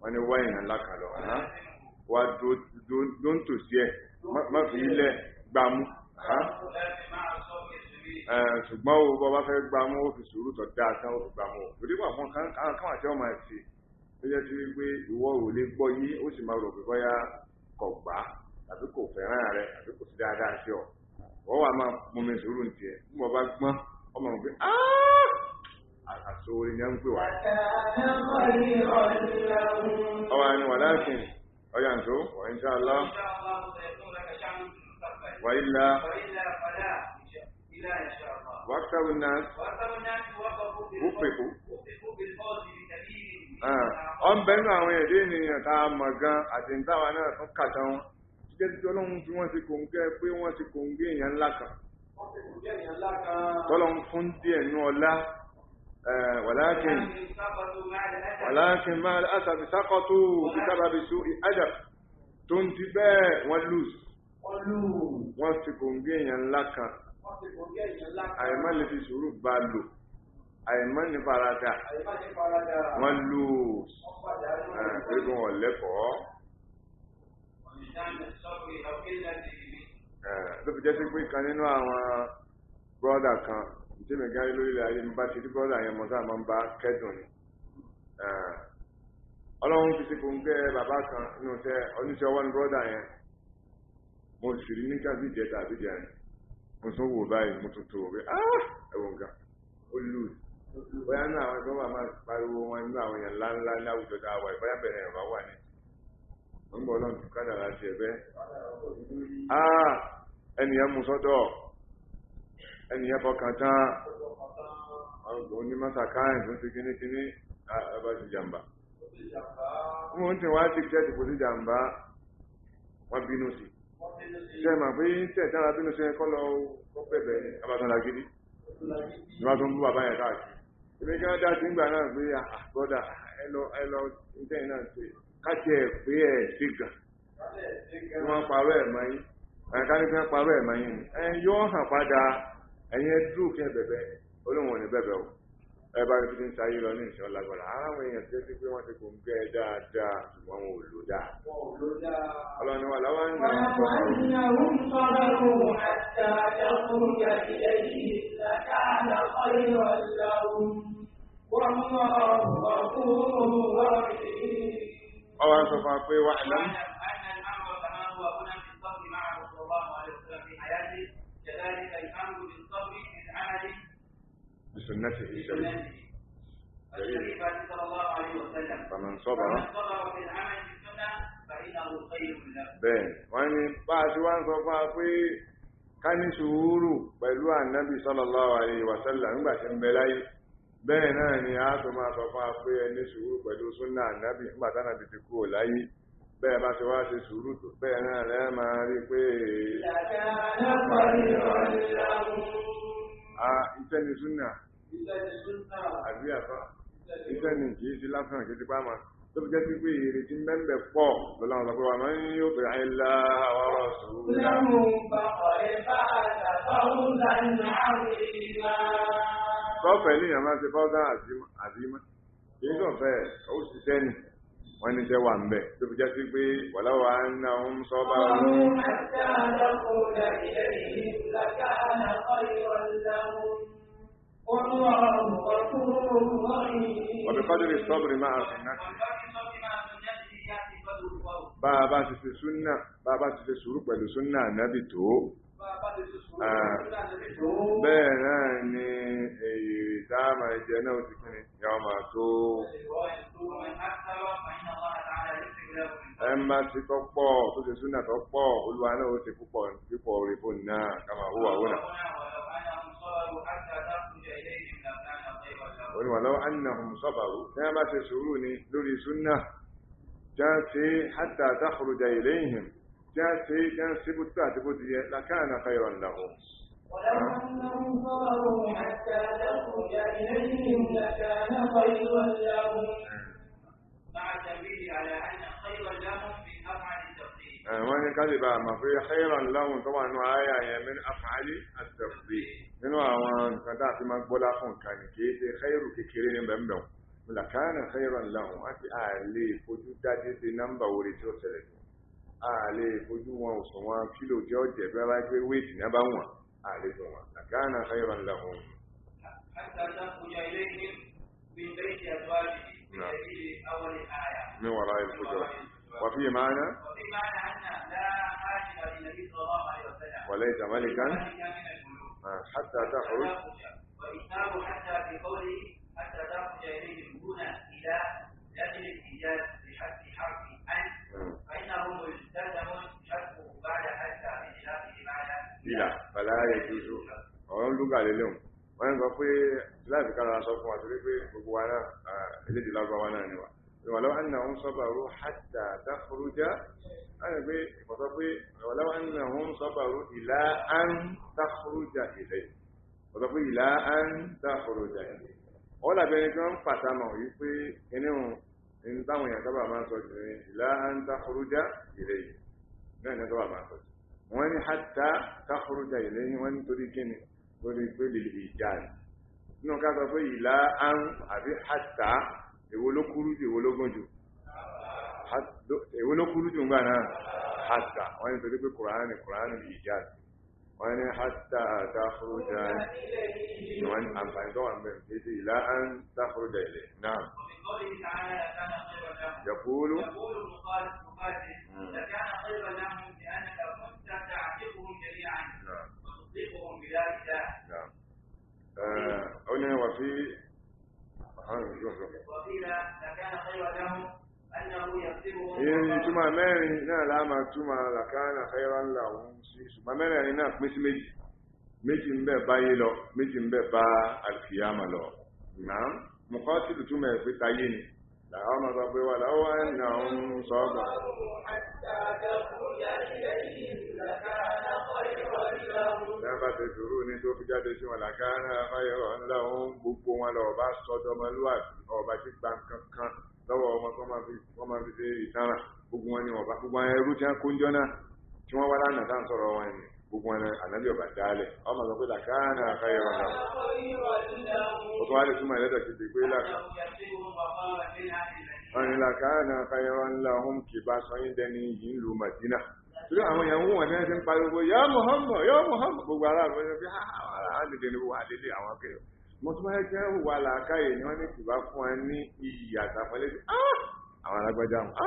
wọ́n ní wá èèyàn ńlá kan lọ wá dóńtò sí ẹ̀ má fi ilẹ̀ gbámú ṣùgbọ́n o bọ́ bá fẹ́ gbámú ó fi sùúrù tọ̀ dáa tán ó fi gbámú o torí wà fún káwọn àti ọmọ ẹ̀sìn tó jẹ́ sí wípé ìwọ ò lè gbọ́ yí ó sì máa rò pé bọ́yá kọ̀ gbá tàbí kò fẹ́ràn rẹ tàbí kò sí dáadáa sí ọ wọ́n wà máa mọmi sùúrù ní tiẹ̀ bí wọ́n bá gbọ́n ọmọ mi pé àṣọ orin ni wọ́n ń pè wá. ọ̀wà ọyàn tó wọ́n ṣá lọ wà ilá wákàtàwù náà wúpèkú ah, ọ̀nbẹ́nu àwọn èdè ènìyàn tá a mọ̀ gan àti ìtawà náà tún kàtà wọn jẹ́ tí ọlọ́run fi wọ́n ti kòǹgẹ́ pé wọ́n ti kòǹgẹ́ èèyàn ńlá kan tọ́lọ́run fún díẹ̀ ní ọlá ولكن ولكن مع الأسف سقطوا بسبب سوء أدب تنتبه واللوز wọ́n ti gòngé èèyàn ńlá kan àìmọ́ lè fi sùúrù bá lò àìmọ́ ní farada wọ́n lò ẹgbẹ́ wọn lẹ́kọ̀ọ́ eh, ló fi jẹ́ sí pé kan nínú àwọn brọ́dà kan tí mi gárí lórílẹ̀ ayé mi bá ti rí bọ́dà yẹn mọ́ sáà máa ń bá kẹ́dùn ni eh, ọlọ́run fi ṣe kòńgẹ́ bàbá kan inú tẹ oníṣẹ́ ọwọ́ ní bọ́dà yẹn mo sì rí níkà bí ìjẹta àbí ìjẹrin mo tún wò báyìí mo tún tó wò pé ah, ẹwọ nǹkan ó lù ú bóyá náà àwọn ẹgbẹ́ wa máa pariwo wọn nínú àwọn èèyàn ńláńlá ní àwùjọ tá a wà ìbáyà bẹ̀rẹ̀ ẹ̀rọ wà ní wọ́n gbọ́ ọlọ́run tó kádà láti ẹ̀bẹ́ ènìyàn ah, mú sọ́dọ̀ ẹni yẹn fọkàn tán ọgbọ̀n ní mọ́sàkáyìn tó ti kíní kíní ọba ti jàmbá wọ́n ti wá ti jẹ́ ti kò sí jàmbá wọ́n bínú sí ṣe mà pé tẹ̀ tára bínú sí ẹkọ́ lọ ó bẹ̀bẹ̀ abatala gidi ni wọ́n tó ń bú bàbá yẹn káàkiri ìwé kí wọ́n dá sí ìgbà náà pé àbọ̀dà ah, ah, ẹ lọ ẹ lọ ìtẹ́yìn náà ṣe káàkiri ẹ̀ pé ẹ̀ sí gà wọ́n parọ́ ẹ̀ mọ́ yín àyíká ní fẹ́ parọ́ ẹ̀ mọ́ yín ẹ yóò hàn padà ẹ̀yin ẹ dúró kẹ́ bẹ̀bẹ̀ olóhùn ò ní bẹ̀bẹ̀ o ẹ bá ní fídíń sáyé lọ ní ìṣọ́ lágbára àwọn èèyàn tẹ́sí pé wọ́n ti kò ń gẹ́ dáadáa ṣùgbọ́n wọn ò lò dáa. ọlọ́ni wà láwọn ń gbà. ọwọ́ ń sọ fún wa pé wà á lọ́nà. بسنته الشريفة الشريف صلى الله عليه وسلم فمن صبر فمن صبر في العمل بالسنة فإنه خير له بين وأن بعد وأن صفى في ká ní sùúrù pẹ̀lú ànábì sallallahu alaihi wa sallam nígbà tí ń bẹ láyé bẹ́ẹ̀ náà ni a tó máa sọ fún a pé ẹni sùúrù pẹ̀lú súnà ànábì nígbà tí ànábì ti kúrò láyé bẹ́ẹ̀ bá ti wá ṣe sùúrù tó bẹ́ẹ̀ náà lẹ́ẹ̀ máa rí pé. ìyàtọ̀ àlọ́ pọ̀ nínú ọ̀nà ìlànà iṣẹ́ ni súnà àbí àbá iṣẹ́ ni kì í ṣe lásán kì í ti pa máa tó fi jẹ́ sí pé èrè tí mẹ́mbẹ̀ pọ̀ lọ́la àwọn ọ̀pẹ́ wa máa ń yóò fẹ́ àìlá àwọn ọ̀rọ̀ sùúrù. lẹ́mú bàbọ̀rẹ́ bá àgbà ọ̀hún láti náà rí i náà. sọ́ọ̀fẹ̀ ní ìyàmá ṣe fọ́dá àdìmọ́ kì í sọ̀fẹ́ ó ṣiṣẹ́ ni wọ́n ní iṣẹ́ wà ń bẹ̀ tó fi jẹ́ sí pé wàlá wa ń na òun sọ bá wọn. ọ̀hún àti àdàkùn وبقدر الصبر مع سنته bá a bá ti ṣe súnà bá a bá ti ṣe sùúrù pẹ̀lú súnà nábì tó bẹ́ẹ̀ náà ni èyí tá a máa jẹ náà ti kí ni yà ọmọ tó ẹ máa ti tọ́ pọ̀ tó ṣe súnà tọ́ pọ̀ olúwa náà ó ti púpọ̀ pípọ̀ rèébò náà kàmáwó àwọn náà. صبروا ولو أنهم صبروا كما تسعوني لولي سنة جاسي حتى تخرج إليهم جاسي جاسي بتات لكان خيرا لهم ولو أنهم صبروا حتى تخرج إليهم لكان خيرا لهم مع التنبيه على أن خيرا لهم wọ́n ní kálí bá àmà pé xeyran láwọn tó wà nù ayà yẹn mẹ́nu afáàlì àtẹ̀fẹ́ nínú àwọn nǹkan tá a fi máa gbọ́lá fún nǹkan ní kì í ṣe xeyru kékeré ní bẹ́ẹ̀mbẹ́ẹ̀ làkàna xeyran láwọn á ti àlè fojú dájú sí nọ́mbà orí tí ó ṣẹlẹ̀ tó àlè fojú wọn òsùn wọn kílò jẹ́ ọ̀jẹ̀ bí wọ́n bá gbé wéètì náà bá wọn àlè fún wọn làkàna xeyran من وراء الفجور وفي معنى وفي معنى لا حاكم للنبي صلى الله عليه وسلم وليس ملكا حتى تخرج وإنه حتى في قوله حتى تخرج إليهم دون إلى لأجل الاحتجاج بحذف حرف أن فإنه ملتزم حذفه بعد حتى بخلافه معنى إلى فلا يجوز ọ̀rọ̀ ń lúgà lélẹ́hùn wọ́n ń sọ pé láti kára sọ fún wa torí pé gbogbo wa náà elédè lágbà wa náà ni wa ìwàlọ́ ànàhún sọ́bàrú hàtà dákúrújá láti pé ìpọ̀tọ́ pé ìwàlọ́ ànàhún sọ́bàrú ìlà án dákúrújá ilẹ̀ ìpọ̀tọ́ pé ìlà án dákúrújá ilẹ̀ ọ làbẹ́ ni kí wọ́n ń pàtàmọ̀ yìí pé ẹni hùn ní táwọn èèyàn sábà máa ń sọ jù ní ìlà án dákúrújá ilẹ̀ yìí náà ní sábà máa ń wọ́n ní hàtà dákúrújá ilẹ̀ yìí wọ́n ní torí kíni torí pé lè ìjà nínú ká sọ pé ìlà án àbí hàtà èwo ló kúrú jù èwo ló gùn jù èwo ló kúrú jù ńgbà náà hasa wọ́n ní torí pé kùránì kùránì ìjà wọ́n ní hasa àtàkùrújà ìwọ̀n àǹfààní tó wà ń bẹ̀rẹ̀ kéjì ìlà án tàkùrújà ilẹ̀ náà yàkúrú ó ní wà fi ìyẹn túmọ̀ mẹ́rin náà láàmà túmọ̀ làkánà kẹ́rọ ńlá òun sí ṣùgbọ́n mẹ́rin náà pín sí méjì méjì ń bẹ̀ báyé lọ méjì ń bẹ̀ bá àlùkìyàmà lọ mọ̀kọ́ tìlù ẹ̀ pé táyé ni làwọn ọmọ sọ pé wà láwọ́ ẹ̀nà òun sọ́gbà lẹ́bàá ti sùúrù ní tó fi jáde sí wọn làkàrà fáyọrọ ńlá òun gbogbo wọn lọ ọba sọdọ ọmọlúwàbí ọba tí gba kankan lọ́wọ́ ọmọ kọ́ máa fi ṣe ìtara gbogbo wọn ni ọba gbogbo ẹrú tí wọn kó ń jọ náà tí wọn wá lánàá tá à ń sọ̀rọ̀ wọn ni gbogbo ẹran ànábì ọba dálẹ̀ ọmọ sọ pé làkàánà àkáyọ̀ ọ̀nà ó tún wá lè túmọ̀ ẹlẹ́dọ̀ kìí ṣe pé làkàánà àkáyọ̀ ọ̀nà òun kì bá sọyìn dẹni yìí ń lu Madina torí àwọn èèyàn wọn ní ẹsẹ̀ ń pariwo yá Muhammad yá Muhammad gbogbo ara ah, àwọn ẹni bí àdìdì ni wà lélẹ̀ àwọn akẹ́yọ̀ mo tún máa jẹ́ wà làkàyè ni wọ́n ní kì bá fún ẹ ní iyì àtàpọ̀lẹ́sì ah,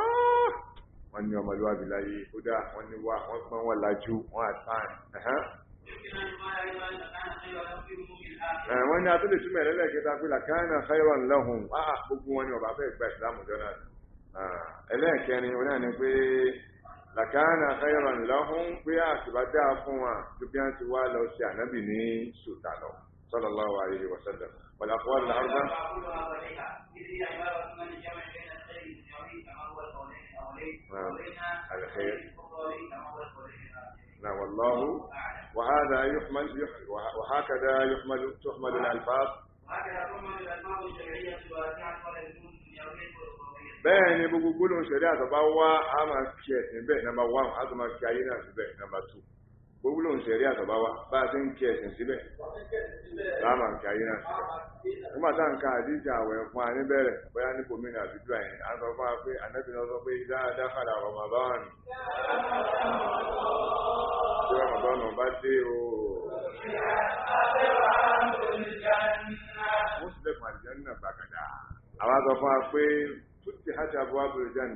wọ́n ní ọmọlúwàbí láyé kódà wọ́n ní wá wọ́n pọ́n wọ́n lajú wọ́n àtàn wọ́n ní atúlẹ̀ túmọ̀ ẹ̀rẹ́lẹ̀ kẹta pé làkàánà khayran lahum áà ah, ah, gbogbo wọn ni ọba fẹ́ gba ìsìlámù jọ náà ah, ẹlẹ́ẹ̀kẹrin oní àná pé làkàánà khayran lahum pé àtìbá dáa fún wa tó bí wọ́n ti wá lọ sí ànábì ní sùtà lọ sallallahu alaihi wa sallam wal نعم، الخير نعم والله وهذا يحمل وهكذا يحمل تحمل الألفاظ bẹ́ẹ̀ ni gbogbo gbólóhùn ṣẹ̀dá àtọ́bá wá a máa fi ẹ̀sìn bẹ́ẹ̀ nàmbà 1 a tó máa fi ayé náà sí bẹ́ẹ̀ nàmbà 2 gbogbo lòun ṣẹ̀rí àtọ̀bá wa bá a ti ń kí ẹ̀sìn síbẹ̀ láàmà ń kí ayé náà síbẹ̀ nígbà tá à ń ka àdíjà àwẹ̀ fún wa níbẹ̀rẹ̀ bóyá ní bòmí ní àdúgbò àyìn à ń sọ fún wa pé ànẹ́bí náà sọ pé dáadáa padà ọmọ bá wà nù. bí ọmọ bá nù bá dé o. mo sì lẹ́kùn àdìjẹ́ nínú àgbàkàdà àwa sọ fún wa pé tútì hàjà bọ́ àbúrò jẹ́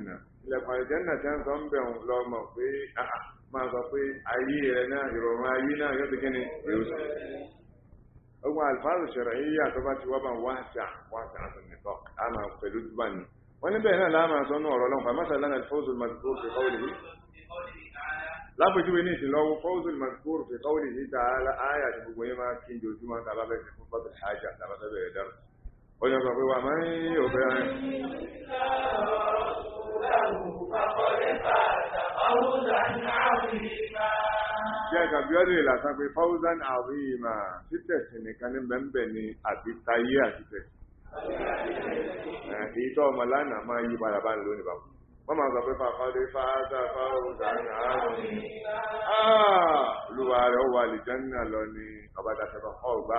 nà máa sọ pé ayé rẹ̀ náà ìrọ̀rùn ayé náà yóò ti kíni rẹ̀ ó sì ogun alifáàlù ṣẹ̀rẹ̀ yíyí àtọ́bá ti wá bá ń wáṣà wáṣà àtúnìtọ́ àmà pẹ̀lú dúbà ni wọ́n níbẹ̀ náà láàmà sọ́nù ọ̀rọ̀ lọ́nà pàmásà lánà fọ́ọ̀sù mazkur fi kọ́wìlì yìí lápòjúwe ní ìsìnlọ́wọ́ fọ́ọ̀sù mazkur fi kọ́wìlì yìí tààlà áyà àti gbogbo yẹn máa kí ó sọ pé wà máa ń yí òfin rẹ̀. Jẹ́ ìkàbíọ́dún ìlàsán pé Fáwùzán àríyìnmá títẹ̀sì nìkan ní bẹ́ẹ̀ ni àti tayé àti Èyí tó ọmọ lánàá máa yí padà bá ń lò nípa. Wọ́n máa sọ pé fàfádé fáádá Fáwùzán àríyìnmá. Ah, Olúwa rẹ̀ ó wà lè jẹ́ nínú àlọ́ ni ọba dàtẹ̀bọ̀ ọgbà.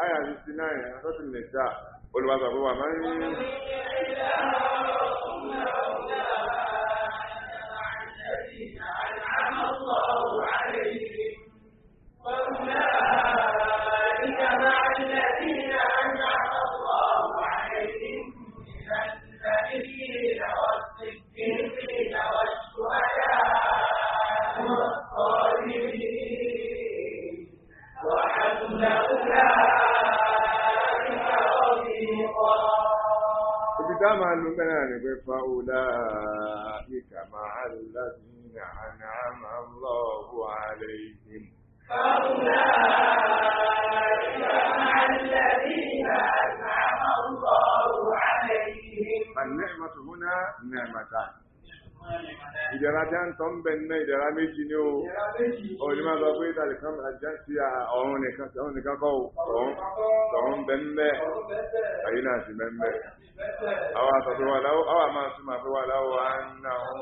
àyà sixty nine ọ̀sọ́tún nìjà olùwàsàgbọ́wà máa ń. فأولئك مع الذين أنعم الله عليهم فأولئك مع الذين أنعم الله عليهم النعمة هنا نعمتان ìdẹ̀ra tí a ń tọ́ ń bẹ̀ nínú ìdẹ̀ra méjì ni ó òní máa sọ pé ìtàlẹ̀ kan àjá sí ọ̀run nìkan ọ̀run nìkan kọ́ ọ̀run tọ̀run bẹ̀ ń bẹ̀ ayé náà sì bẹ̀ ń bẹ̀ àwọn àtọ̀ wà láwọ́ àwọn àmà sí máa pé wà láwọ́ à ń nà ọ́n.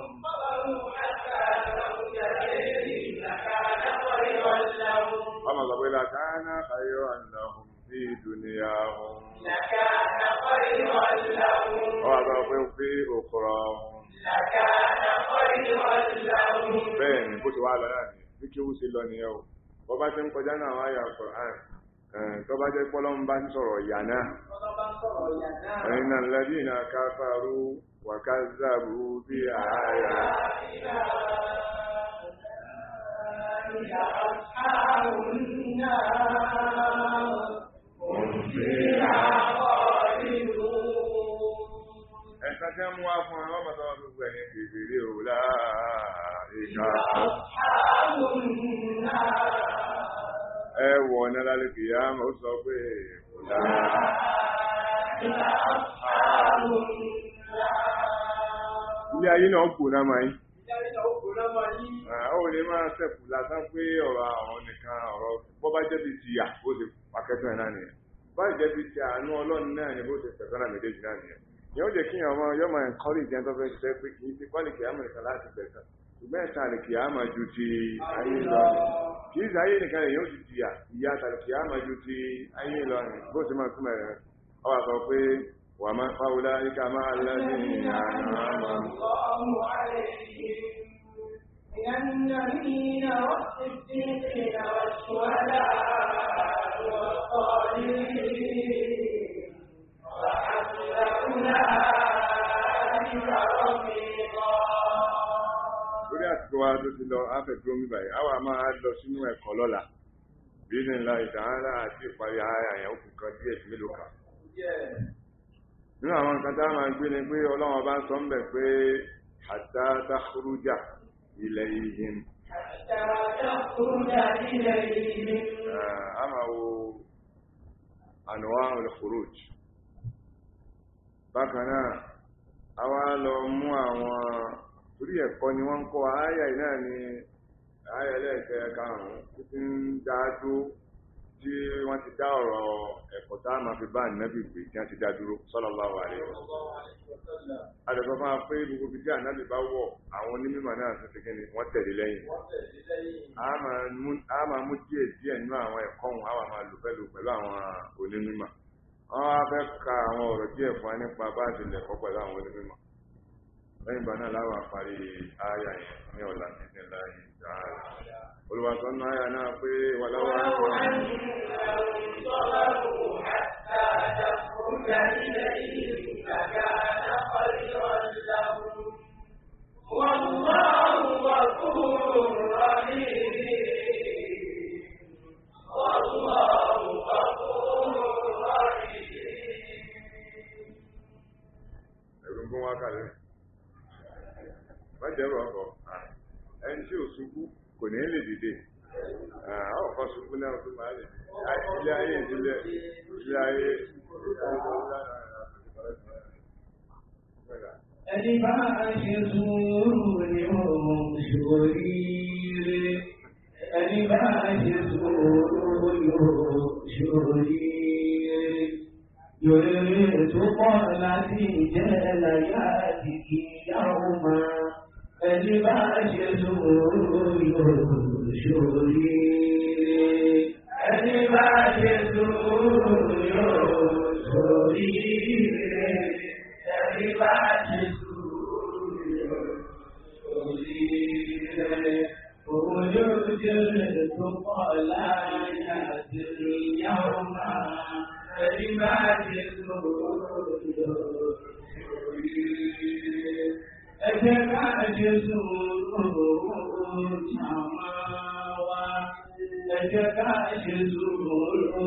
ọmọ sọ pé làkàánà ayọ̀ àná ọ̀hún sí ìdúnìyà ọ̀hún. làkàánà ayọ̀ àná ọ̀hún. ọwọ́ pé fi òkúrọ̀ ọ̀hún bẹ́ẹ̀ ni bó ti wá lọ náà ni bí kí ó ṣe lọ nìyẹn o bọ́ bá ti ń kọjá náà wá yà Qur'an tó bá jẹ́ pọ́lọ́m bá ń sọ̀rọ̀ yà náà ẹ̀yìn náà lẹ́bí náà tí a mú wá fún ọmọ tọ́wọ́ ويهدي أولئك أصحاب النار ẹwọ nára lè fi yá mọ́ sọ pé kò dára. Ilé ayé náà kò náà máa yí. lásán pé ọ̀rọ̀ àwọn nìkan ọ̀rọ̀ bọ́ bá jẹ́ bí ti yà pàkẹ́tọ̀ ẹ̀ náà nìyẹn. Bá jẹ́ bí ti àánú ọlọ́run náà ni bó náà nìyẹn. yóò jẹ́ kí ọmọ yóò máa kọ́lì jẹ́ tó fẹ́ ṣiṣẹ́ pé kì í ti kọ́lì kìá mọ̀ nìkan láti ju ti ayé lọ kì í ṣe ayé nìkan lè yóò ti di ìyá ta lè kìá máa ju ti ayé lọ rìn bó ṣe máa túmọ̀ rẹ̀ ọ wà sọ pé wà máa wa tó ti lọ áfẹ̀dúró mi báyìí àwa máa lọ sínú ẹ̀kọ́ lọ́la bí ní ńlá ìdáhàlá àti ìparí àyàwó kan díẹ̀ sí mélòó kan. nínú àwọn nǹkan tá a máa gbé ni pé ọlọ́wọ́n bá ń sọ ń bẹ̀ pé hatta takhruja ilayhim. hatta takhruja ilayhim. a máa wo ànúwà al-khuruj. bákan náà a wá lọ mú àwọn torí ẹ̀kọ́ ni wọ́n ń kọ́ ayà náà ni ayà ẹlẹ́ẹ̀kẹ́ karùn-ún tó ti ń dá dúró tí wọ́n ti dá ọ̀rọ̀ ẹ̀kọ́ tá a máa fi bá ànábì gbé tí wọ́n ti dá dúró sallallahu alaihi wasallam. àdàgbà máa pé gbogbo ibi tí ànábì bá wọ̀ àwọn onímọ̀ náà tó ti kíni wọ́n tẹ̀lé lẹ́yìn. a máa mú díẹ̀ díẹ̀ nínú àwọn ẹ̀kọ́ wọn a máa lò pẹ̀lú pẹ̀lú àwọn onímọ̀. wọ́n á fẹ́ ka àwọn ọ̀rọ̀ díẹ̀ fún wa nípa bá a ti lẹ̀kọ́ pẹ̀lú àwọn onímọ̀ lẹ́yìn bá náà láwà parí ayà yẹn ní ọ̀la nígbẹ̀ láyé dáadáa olùwàsán náà ayà náà pé wà láwà Ẹ̀rùn gún wákàlẹ̀. bájẹ́rù ọkọ̀ ah. ẹni tí ò ṣubú kò ní lè dìde ah, ọkọ̀ ṣubú náà tó máa lè ah, ilé ayé ìdílé ilé ayé ẹni bá ṣe sùúrù ni ó ṣòríire ẹni bá ṣe sùúrù yóò ṣòríire tó pọ̀ ẹnibájẹ́ lórí òṣòrí ẹnibájẹ́ lórí òṣòrí ẹnibájẹ́ lórí òṣòrí òun yóò jẹ́ tó jẹ́ ká ṣe sùúrù jàmá wa. Ẹ jẹ́ ká ṣe sùúrù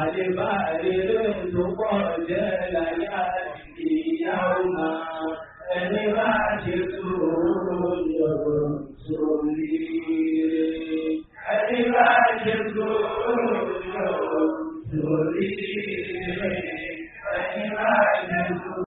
Àyè bá àyè lè tó pọ̀ jẹ́.